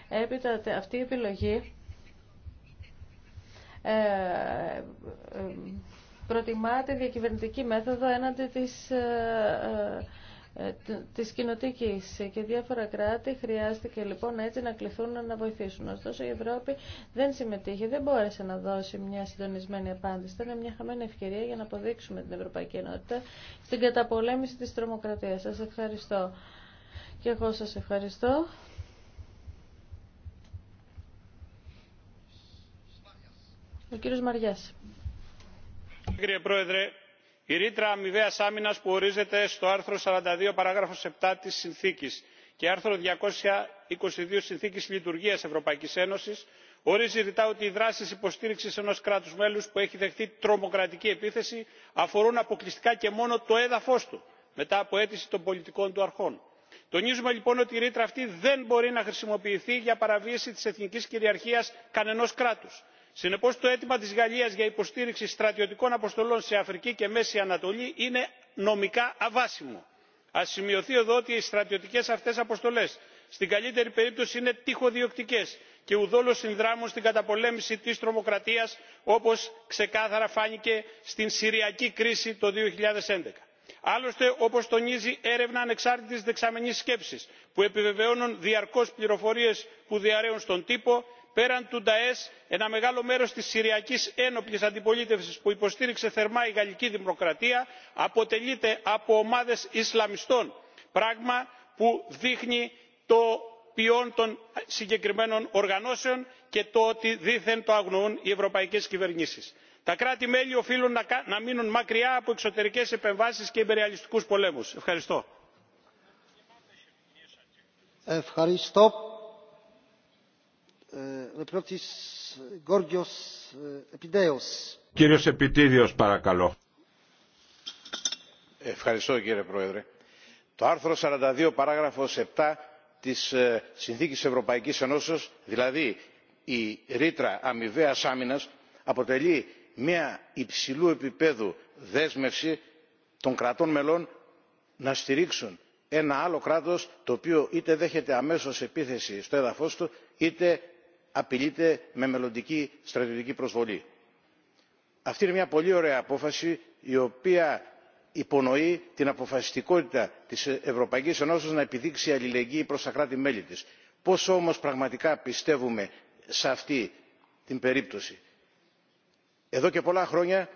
Έπειτα αυτή η επιλογή ε, διακυβερνητική μέθοδο έναντι της ε, της κοινοτικής και διάφορα κράτη χρειάστηκε λοιπόν έτσι να κληθούν να βοηθήσουν. Ωστόσο η Ευρώπη δεν συμμετείχε, δεν μπόρεσε να δώσει μια συντονισμένη απάντηση. Ήταν μια χαμένη ευκαιρία για να αποδείξουμε την Ευρωπαϊκή Ενότητα στην καταπολέμηση της τρομοκρατίας. Σας ευχαριστώ. Και εγώ σας ευχαριστώ. Ο κύριος Μαριάς. Κύριε Πρόεδρε, η ρήτρα αμοιβαία άμυνα που ορίζεται στο άρθρο 42 παράγραφος 7 της συνθήκης και άρθρο 222 συνθήκης λειτουργίας ευρωπαϊκής ένωσης ορίζει ρητά ότι οι δράσεις υποστήριξης ενός κράτους μέλους που έχει δεχτεί τρομοκρατική επίθεση αφορούν αποκλειστικά και μόνο το έδαφος του μετά από αίτηση των πολιτικών του αρχών. τονίζουμε λοιπόν ότι η ρήτρα αυτή δεν μπορεί να χρησιμοποιηθεί για παραβίαση της εθνικής κυριαρχίας κανενός κράτους συνεπώς το αίτημα της γαλλίας για υποστήριξη στρατιωτικών αποστολών σε αφρική και μέση ανατολή είναι νομικά αβάσιμο. ας σημειωθεί εδώ ότι οι στρατιωτικές αυτές αποστολές στην καλύτερη περίπτωση είναι τυχοδιοκτικέ και ουδόλως συνδράμουν στην καταπολέμηση της τρομοκρατίας όπως ξεκάθαρα φάνηκε στην συριακή κρίση το. 2011. άλλωστε όπως τονίζει έρευνα ανεξάρτητης δεξαμενής σκέψης που επιβεβαιώνουν διαρκώς πληροφορίες που διαρρέουν στον τύπο πέραν του νταές ένα μεγάλο μέρος της συριακής ένοπλης αντιπολίτευσης που υποστήριξε θερμά η γαλλική δημοκρατία αποτελείται από ομάδες ισλαμιστών πράγμα που δείχνει το ποιόν των συγκεκριμένων οργανώσεων και το ότι δήθεν το αγνοούν οι ευρωπαϊκές κυβερνήσεις. τα κράτη μέλη οφείλουν να μείνουν μακριά από εξωτερικές επεμβάσεις και υπεριαλιστικούς πολέμους. ευχαριστώ. Ε, ε, Κύριος Επιτίδιος, παρακαλώ. Ευχαριστώ κύριε Πρόεδρε. Το άρθρο 42 παράγραφος 7 της ε, Συνθήκης Ευρωπαϊκής Ενώσεως, δηλαδή η ρήτρα αμοιβαίας άμυνας, αποτελεί μια υψηλού επίπεδου δέσμευση των κρατών μελών να στηρίξουν ένα άλλο κράτος το οποίο είτε δέχεται αμέσως επίθεση στο έδαφος του είτε απειλείται με μελλοντική στρατιωτική προσβολή. αυτή είναι μια πολύ ωραία απόφαση η οποία υπονοεί την αποφασιστικότητα της ευρωπαϊκής ενώσεως να επιδείξει αλληλεγγύη προς τα κράτη μέλη της. πόσο όμως πραγματικά πιστεύουμε σε αυτή την περίπτωση. εδώ και πολλά χρόνια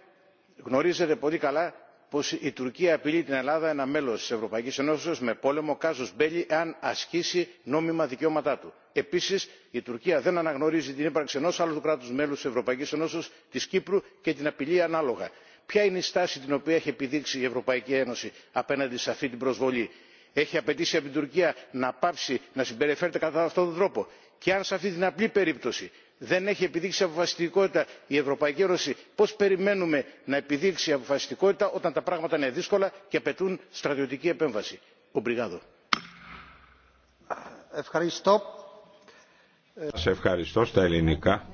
γνωρίζετε πολύ καλά πω η τουρκία απειλεί την ελλάδα ένα μέλος της ευρωπαϊκής ενώσεως με πόλεμο κάζο μπέλι εάν ασκήσει νόμιμα δικαιώματά του. επίσης η τουρκία δεν αναγνωρίζει την ύπαρξη ενό άλλου κράτους μέλους της ευρωπαϊκής ενώσεως της κύπρου και την απειλεί ανάλογα. ποια είναι η στάση την οποία έχει επιδείξει η ευρωπαϊκή ένωση απέναντι σε αυτή την προσβολή; έχει απαιτήσει από την τουρκία να πάψει να συμπεριφέρεται κατά αυτόν τον τρόπο; και αν σε αυτή την απλή περίπτωση δεν έχει επιδείξει αποφασιστικότητα η ευρωπαϊκή ένωση πώς περιμένουμε να επιδείξει αποφασιστικότητα όταν τα πράγματα είναι δύσκολα και απαιτούν στρατιωτική επέμβαση. Ομπριγάδο. Ευχαριστώ. Σε ευχαριστώ στα ελληνικά.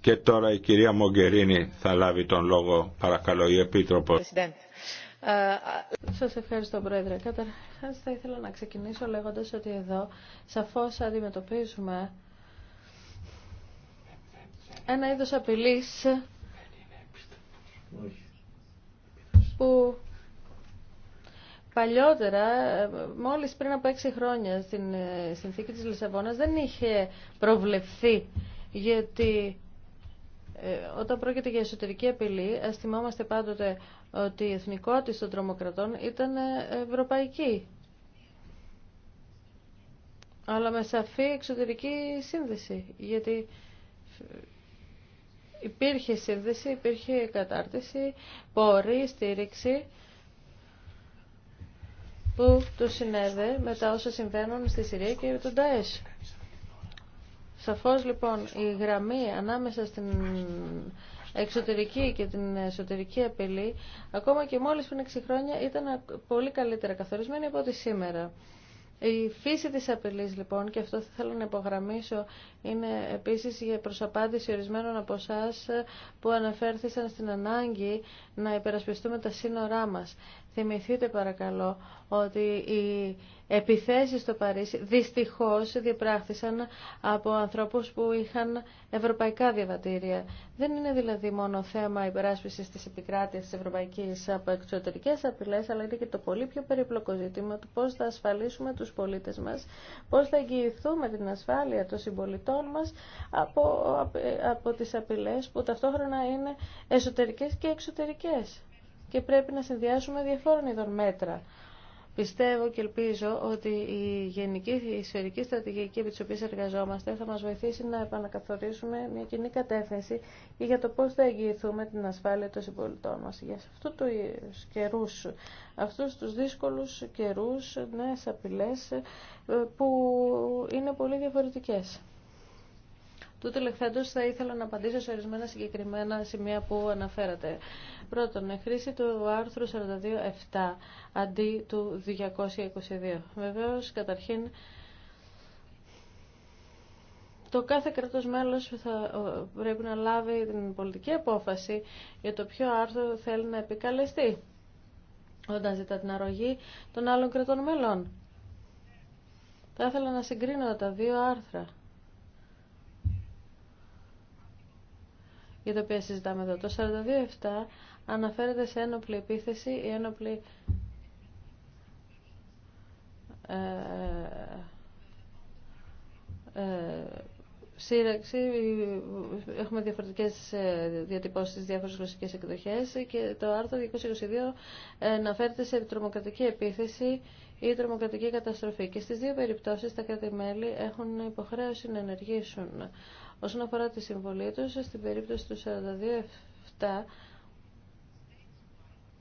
Και τώρα η κυρία Μογκερίνη θα λάβει τον λόγο. Παρακαλώ η Επίτροπο. Ε, σας ευχαριστώ Πρόεδρε. Καταρχά θα ήθελα να ξεκινήσω λέγοντας ότι εδώ σαφώς αντιμετωπίζουμε ένα είδος απειλής που παλιότερα, μόλις πριν από έξι χρόνια στην ε, συνθήκη της Λισαβόνας δεν είχε προβλεφθεί γιατί ε, όταν πρόκειται για εσωτερική απειλή, ας θυμόμαστε πάντοτε ότι η εθνικότητα των τρομοκρατών ήταν ε, ευρωπαϊκή αλλά με σαφή εξωτερική σύνδεση γιατί υπήρχε σύνδεση, υπήρχε κατάρτιση, πόρη, στήριξη που το συνέδε με τα όσα συμβαίνουν στη Συρία και με τον ΤΑΕΣ. Σαφώς λοιπόν η γραμμή ανάμεσα στην εξωτερική και την εσωτερική απειλή, ακόμα και μόλις πριν 6 χρόνια, ήταν πολύ καλύτερα καθορισμένη από ό,τι σήμερα. Η φύση της απειλής λοιπόν, και αυτό θα θέλω να υπογραμμίσω, είναι επίσης για προσαπάντηση ορισμένων από εσά που αναφέρθησαν στην ανάγκη να υπερασπιστούμε τα σύνορά μας. Θυμηθείτε παρακαλώ ότι η επιθέσεις στο Παρίσι δυστυχώς διαπράχθησαν από ανθρώπους που είχαν ευρωπαϊκά διαβατήρια. Δεν είναι δηλαδή μόνο θέμα υπεράσπισης της επικράτειας της Ευρωπαϊκής από εξωτερικές απειλές, αλλά είναι και το πολύ πιο περίπλοκο ζήτημα του πώς θα ασφαλίσουμε τους πολίτες μας, πώς θα εγγυηθούμε την ασφάλεια των συμπολιτών μας από, από τις απειλές που ταυτόχρονα είναι εσωτερικές και εξωτερικές. Και πρέπει να συνδυάσουμε διαφόρων ειδών μέτρα. Πιστεύω και ελπίζω ότι η γενική η στρατηγική επί τη οποία εργαζόμαστε θα μας βοηθήσει να επανακαθορίσουμε μια κοινή κατεύθυνση και για το πώς θα εγγυηθούμε την ασφάλεια των συμπολιτών μα Για αυτού του καιρού, αυτούς τους δύσκολους καιρού, νέες απειλές ε, που είναι πολύ διαφορετικές. Τούτο λεχθέντω θα ήθελα να απαντήσω σε ορισμένα συγκεκριμένα σημεία που αναφέρατε. Πρώτον, χρήση του άρθρου 42.7 αντί του 222. Βεβαίως, καταρχήν, το κάθε κράτος μέλος θα πρέπει να λάβει την πολιτική απόφαση για το ποιο άρθρο θέλει να επικαλεστεί όταν ζητά την αρρωγή των άλλων κρατών μελών. Θα ήθελα να συγκρίνω τα δύο άρθρα. για το οποία συζητάμε εδώ. Το 42.7 αναφέρεται σε ένοπλη επίθεση ή ένοπλη ε, ε, σύραξη. Έχουμε διαφορετικές ε, διατυπώσεις στις διάφορες γλωσσικές εκδοχές και το άρθρο 222 ε, αναφέρεται σε τρομοκρατική επίθεση ή τρομοκρατική καταστροφή. Και στις δύο περιπτώσεις τα κράτη-μέλη έχουν υποχρέωση να ενεργήσουν Όσον αφορά τη συμβολή του στην περίπτωση του 42-7,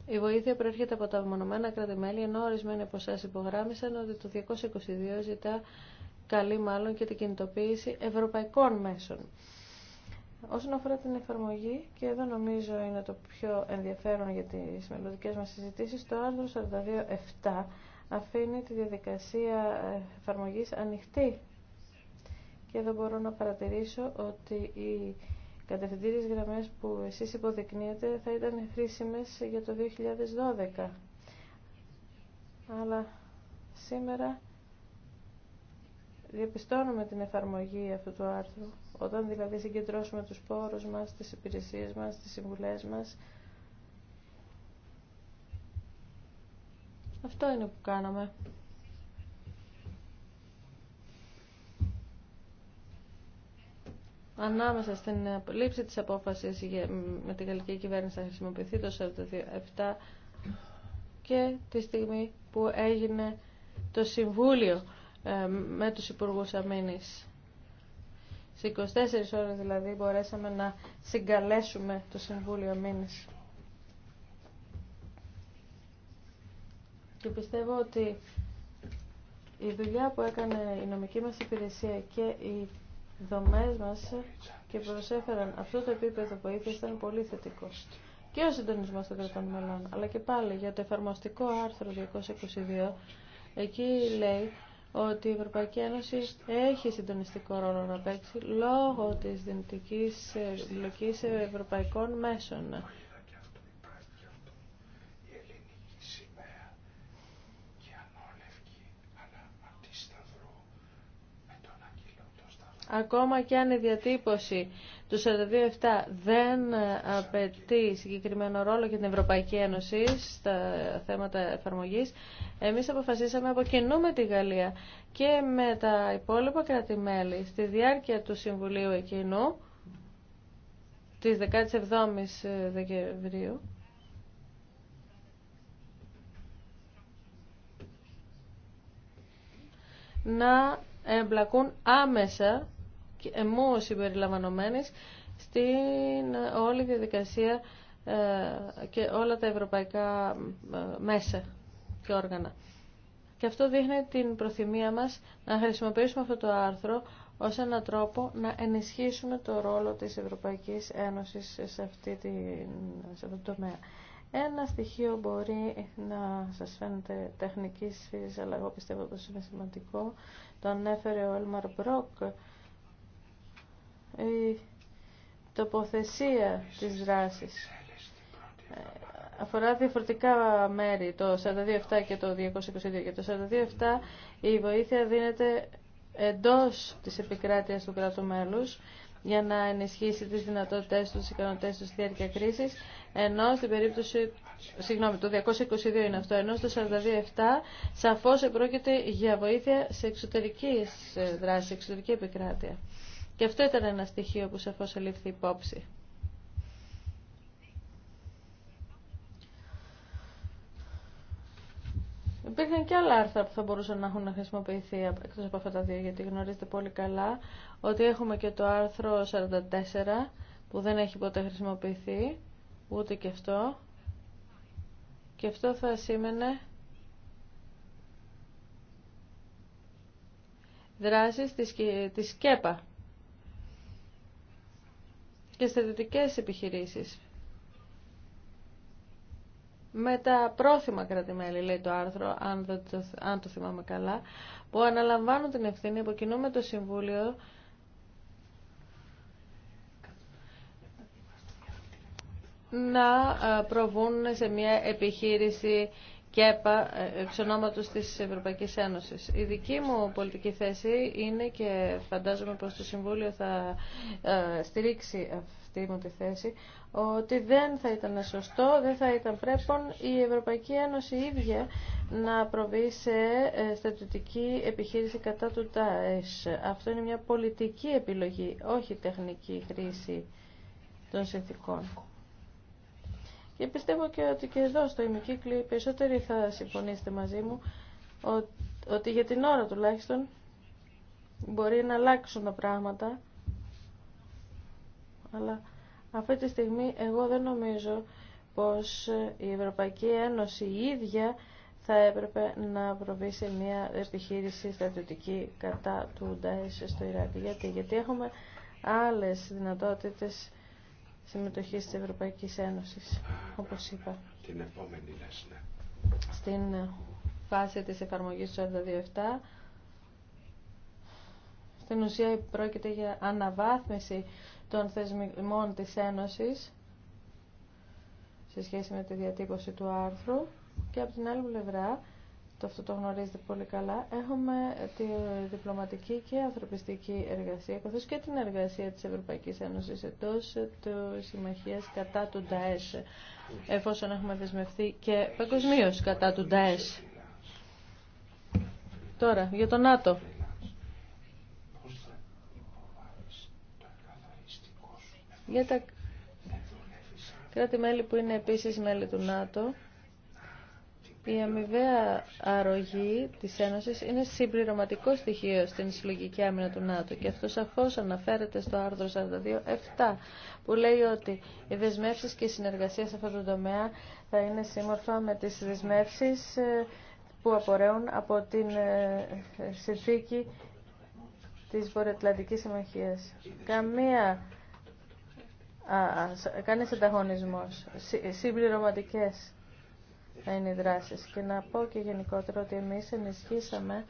η βοήθεια προέρχεται από τα μονομένα κράτη-μέλη ενώ ορισμένοι από εσάς υπογράμμισαν ότι το 222 ζητά καλή μάλλον και την κινητοποίηση ευρωπαϊκών μέσων. Όσον αφορά την εφαρμογή, και εδώ νομίζω είναι το πιο ενδιαφέρον για τις μελλοντικέ μας συζητήσεις, το άρθρο 42 42F7 αφήνει τη διαδικασία εφαρμογής ανοιχτή και εδώ μπορώ να παρατηρήσω ότι οι κατευθυντήριες γραμμές που εσείς υποδεικνύετε θα ήταν χρήσιμες για το 2012. Αλλά σήμερα διαπιστώνουμε την εφαρμογή αυτού του άρθρου, όταν δηλαδή συγκεντρώσουμε τους πόρους μας, τις υπηρεσίες μας, τις συμβουλές μας. Αυτό είναι που κάναμε. ανάμεσα στην λήψη της απόφασης με την γαλλική κυβέρνηση να χρησιμοποιηθεί το 7-7 και τη στιγμή που έγινε το Συμβούλιο ε, με τους Υπουργούς Αμήνης. Σε 24 ώρες δηλαδή μπορέσαμε να συγκαλέσουμε το Συμβούλιο Αμήνης. Και πιστεύω ότι η δουλειά που έκανε η νομική μας υπηρεσία και η δομές μας και προσέφεραν αυτό το επίπεδο βοήθεια ήταν πολύ θετικό. Και ο συντονισμό των κρατών μελών, αλλά και πάλι για το εφαρμοστικό άρθρο 222, εκεί λέει ότι η Ευρωπαϊκή Ένωση έχει συντονιστικό ρόλο να παίξει λόγω της δυνητικής ε, εμπλοκή ε, ευρωπαϊκών μέσων. Ακόμα και αν η διατύπωση του 42-7 δεν απαιτεί συγκεκριμένο ρόλο για την Ευρωπαϊκή Ένωση στα θέματα εφαρμογής, εμείς αποφασίσαμε από κοινού με τη Γαλλία και με τα υπόλοιπα κράτη-μέλη στη διάρκεια του Συμβουλίου εκείνου της 17ης Δεκεμβρίου να εμπλακούν άμεσα εμού συμπεριλαμβανόμενη στην όλη διαδικασία ε, και όλα τα ευρωπαϊκά ε, μέσα και όργανα. Και αυτό δείχνει την προθυμία μας να χρησιμοποιήσουμε αυτό το άρθρο ως έναν τρόπο να ενισχύσουμε το ρόλο της Ευρωπαϊκής Ένωσης σε, αυτή την, σε αυτό το τομέα. Ένα στοιχείο μπορεί να σας φαίνεται τεχνικής αλλά εγώ πιστεύω πως είναι σημαντικό. Το ανέφερε ο Έλμαρ Μπρόκ η τοποθεσία της δράσης. Ε, αφορά διαφορετικά μέρη, το 42.7 και το 222. Για το 42.7 η βοήθεια δίνεται εντός της επικράτειας του κράτου μέλους για να ενισχύσει τις δυνατότητες του, τις ικανότητες του στη διάρκεια κρίσης, ενώ στην περίπτωση, συγγνώμη, το 222 είναι αυτό, ενώ στο 42-7 σαφώς επρόκειται για βοήθεια σε εξωτερική ε, δράση, εξωτερική επικράτεια. Και αυτό ήταν ένα στοιχείο που σαφώς ελήφθη υπόψη. Υπήρχαν και άλλα άρθρα που θα μπορούσαν να έχουν χρησιμοποιηθεί εκτός από αυτά τα δύο, γιατί γνωρίζετε πολύ καλά ότι έχουμε και το άρθρο 44 που δεν έχει ποτέ χρησιμοποιηθεί, ούτε και αυτό. Και αυτό θα σήμαινε δράσεις της ΚΕΠΑ και στρατιωτικές επιχειρήσεις. Με τα πρόθυμα κρατημέλη, λέει το άρθρο, αν, το, το θυμάμαι καλά, που αναλαμβάνουν την ευθύνη, κοινού με το Συμβούλιο να ε, προβούν σε μια επιχείρηση ΚΕΠΑ ε, εξ ονόματος της Ευρωπαϊκής Ένωσης. Η δική μου πολιτική θέση είναι και φαντάζομαι πως το Συμβούλιο θα ε, στηρίξει αυτή μου τη θέση ότι δεν θα ήταν σωστό, δεν θα ήταν πρέπον η Ευρωπαϊκή Ένωση ίδια να προβεί σε ε, στρατιωτική επιχείρηση κατά του ΤΑΕΣ. Αυτό είναι μια πολιτική επιλογή, όχι τεχνική χρήση των συνθήκων. Και πιστεύω και ότι και εδώ στο ημικύκλιο οι περισσότεροι θα συμφωνήσετε μαζί μου ότι για την ώρα τουλάχιστον μπορεί να αλλάξουν τα πράγματα. Αλλά αυτή τη στιγμή εγώ δεν νομίζω πως η Ευρωπαϊκή Ένωση η ίδια θα έπρεπε να προβεί σε μια επιχείρηση στρατιωτική κατά του Ντάις στο Ιράκ. Γιατί, γιατί έχουμε άλλες δυνατότητες συμμετοχή τη ευρωπαϊκή Ένωση, όπως είπα. Την επόμενη λες, ναι. Στην ε, φάση τη εφαρμογή του 42.7, στην ουσία πρόκειται για αναβάθμιση των θεσμών της Ένωσης σε σχέση με τη διατύπωση του άρθρου και από την άλλη πλευρά το αυτό το γνωρίζετε πολύ καλά, έχουμε τη διπλωματική και ανθρωπιστική εργασία, καθώ και την εργασία της Ευρωπαϊκής Ένωσης εντό του Συμμαχίας κατά του ΝΤΑΕΣ, εφόσον έχουμε δεσμευτεί και παγκοσμίω κατά του ΝΤΑΕΣ. Τώρα, για το ΝΑΤΟ. Για τα κράτη-μέλη που είναι επίσης μέλη του ΝΑΤΟ, η αμοιβαία αρρωγή τη Ένωση είναι συμπληρωματικό στοιχείο στην συλλογική άμυνα του ΝΑΤΟ και αυτό σαφώ αναφέρεται στο άρθρο 42.7 που λέει ότι οι δεσμεύσει και η συνεργασία σε αυτό το τομέα θα είναι σύμμορφα με τις δεσμεύσει ε, που απορρέουν από την ε, συνθήκη τη Βορειοατλαντική Συμμαχία. Καμία κανείς συμπληρωματικέ είναι οι δράσεις. Και να πω και γενικότερα ότι εμείς ενισχύσαμε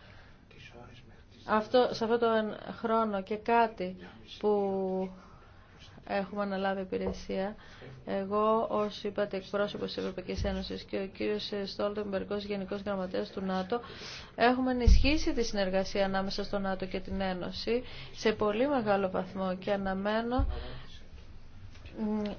αυτό, σε αυτόν τον χρόνο και κάτι που έχουμε αναλάβει υπηρεσία. Εγώ ως είπατε εκπρόσωπος της Ευρωπαϊκής Ένωσης και ο κύριος Στόλτεμπεργκ ως Γενικός Γραμματέας του ΝΑΤΟ έχουμε ενισχύσει τη συνεργασία ανάμεσα στο ΝΑΤΟ και την Ένωση σε πολύ μεγάλο βαθμό και αναμένω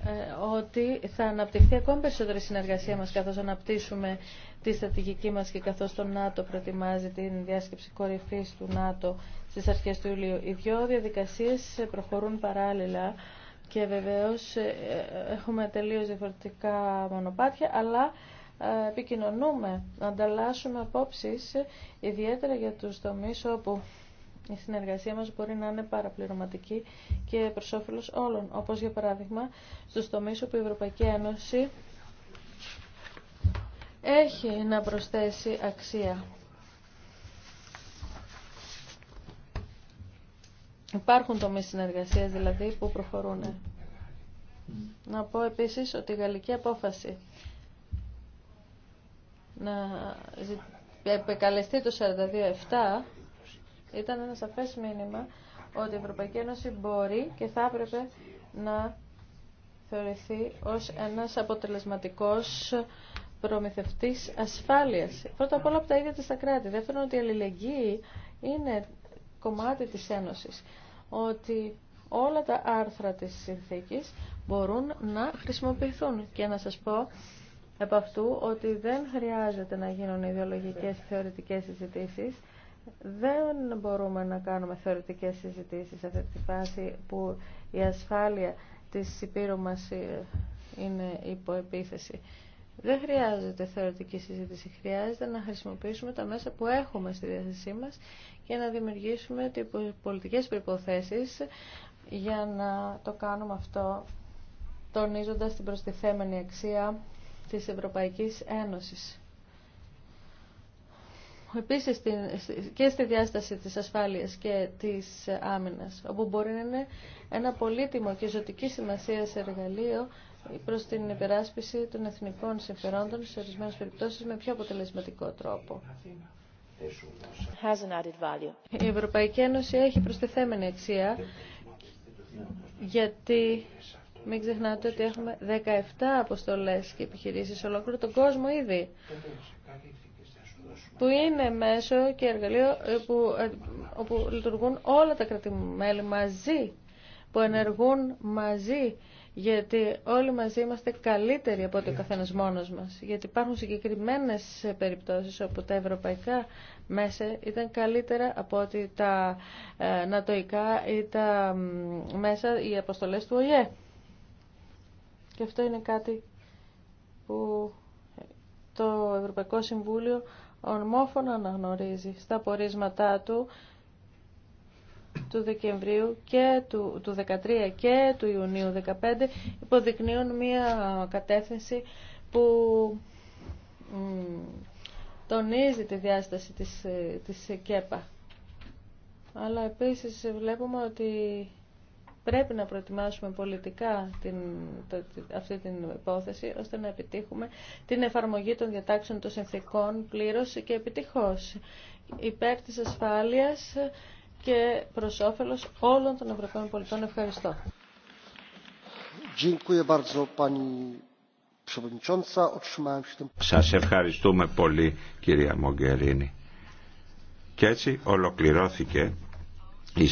ε, ότι θα αναπτυχθεί ακόμη περισσότερη συνεργασία μας καθώς αναπτύσσουμε τη στρατηγική μας και καθώς το ΝΑΤΟ προετοιμάζει την διάσκεψη κορυφής του ΝΑΤΟ στις αρχές του Ιουλίου. Οι δυο διαδικασίες προχωρούν παράλληλα και βεβαίως ε, ε, έχουμε τελείως διαφορετικά μονοπάτια, αλλά επικοινωνούμε, ανταλλάσσουμε απόψεις, ιδιαίτερα για τους τομείς όπου η συνεργασία μας μπορεί να είναι παραπληρωματική και προς όφελος όλων, όπως για παράδειγμα στους τομείς όπου η Ευρωπαϊκή Ένωση έχει να προσθέσει αξία. Υπάρχουν τομείς συνεργασίας δηλαδή που προχωρούν. Να πω επίσης ότι η γαλλική απόφαση να επεκαλεστεί το 42-7 ήταν ένα σαφές μήνυμα ότι η Ευρωπαϊκή Ένωση μπορεί και θα έπρεπε να θεωρηθεί ως ένας αποτελεσματικός προμηθευτής ασφάλειας. Πρώτα απ' όλα από τα ίδια της τα κράτη. Δεύτερον ότι η αλληλεγγύη είναι κομμάτι της Ένωσης. Ότι όλα τα άρθρα της συνθήκης μπορούν να χρησιμοποιηθούν. Και να σας πω επ' αυτού ότι δεν χρειάζεται να γίνουν ιδεολογικές θεωρητικές συζητήσεις δεν μπορούμε να κάνουμε θεωρητικές συζητήσεις σε αυτή τη φάση που η ασφάλεια της Υπήρου μας ε, είναι υπό επίθεση. Δεν χρειάζεται θεωρητική συζήτηση, χρειάζεται να χρησιμοποιήσουμε τα μέσα που έχουμε στη διάθεσή μας και να δημιουργήσουμε τις πολιτικές προϋποθέσεις για να το κάνουμε αυτό, τονίζοντας την προστιθέμενη αξία της Ευρωπαϊκής Ένωσης επίσης και στη διάσταση της ασφάλειας και της άμυνας, όπου μπορεί να είναι ένα πολύτιμο και ζωτική σημασία σε εργαλείο προς την υπεράσπιση των εθνικών συμφερόντων σε ορισμένε περιπτώσεις με πιο αποτελεσματικό τρόπο. Η Ευρωπαϊκή Ένωση έχει προσθεθέμενη αξία γιατί μην ξεχνάτε ότι έχουμε 17 αποστολές και επιχειρήσεις σε ολόκληρο τον κόσμο ήδη που είναι μέσο και εργαλείο ε, που, ε, όπου λειτουργούν όλα τα κρατημέλη μαζί, που ενεργούν μαζί, γιατί όλοι μαζί είμαστε καλύτεροι από ότι ο καθένας μόνος μας. Γιατί υπάρχουν συγκεκριμένες περιπτώσεις όπου τα ευρωπαϊκά μέσα ήταν καλύτερα από ότι τα ε, νατοϊκά ή τα μέσα, οι αποστολέ του ΟΗΕ. Και αυτό είναι κάτι που το Ευρωπαϊκό Συμβούλιο ορμόφωνα αναγνωρίζει στα πορίσματά του του Δεκεμβρίου και του, του 13 και του Ιουνίου 15 υποδεικνύουν μια κατεύθυνση που τονίζει τη διάσταση της, ε, της ΚΕΠΑ. Αλλά επίσης βλέπουμε ότι Πρέπει να προετοιμάσουμε πολιτικά την, αυτή την υπόθεση ώστε να επιτύχουμε την εφαρμογή των διατάξεων των συνθήκων πλήρως και επιτυχώς υπέρ της ασφάλειας και προς όφελος όλων των Ευρωπαίων πολιτών. Ευχαριστώ. Σας ευχαριστούμε πολύ κυρία Μογκερίνη. Και έτσι ολοκληρώθηκε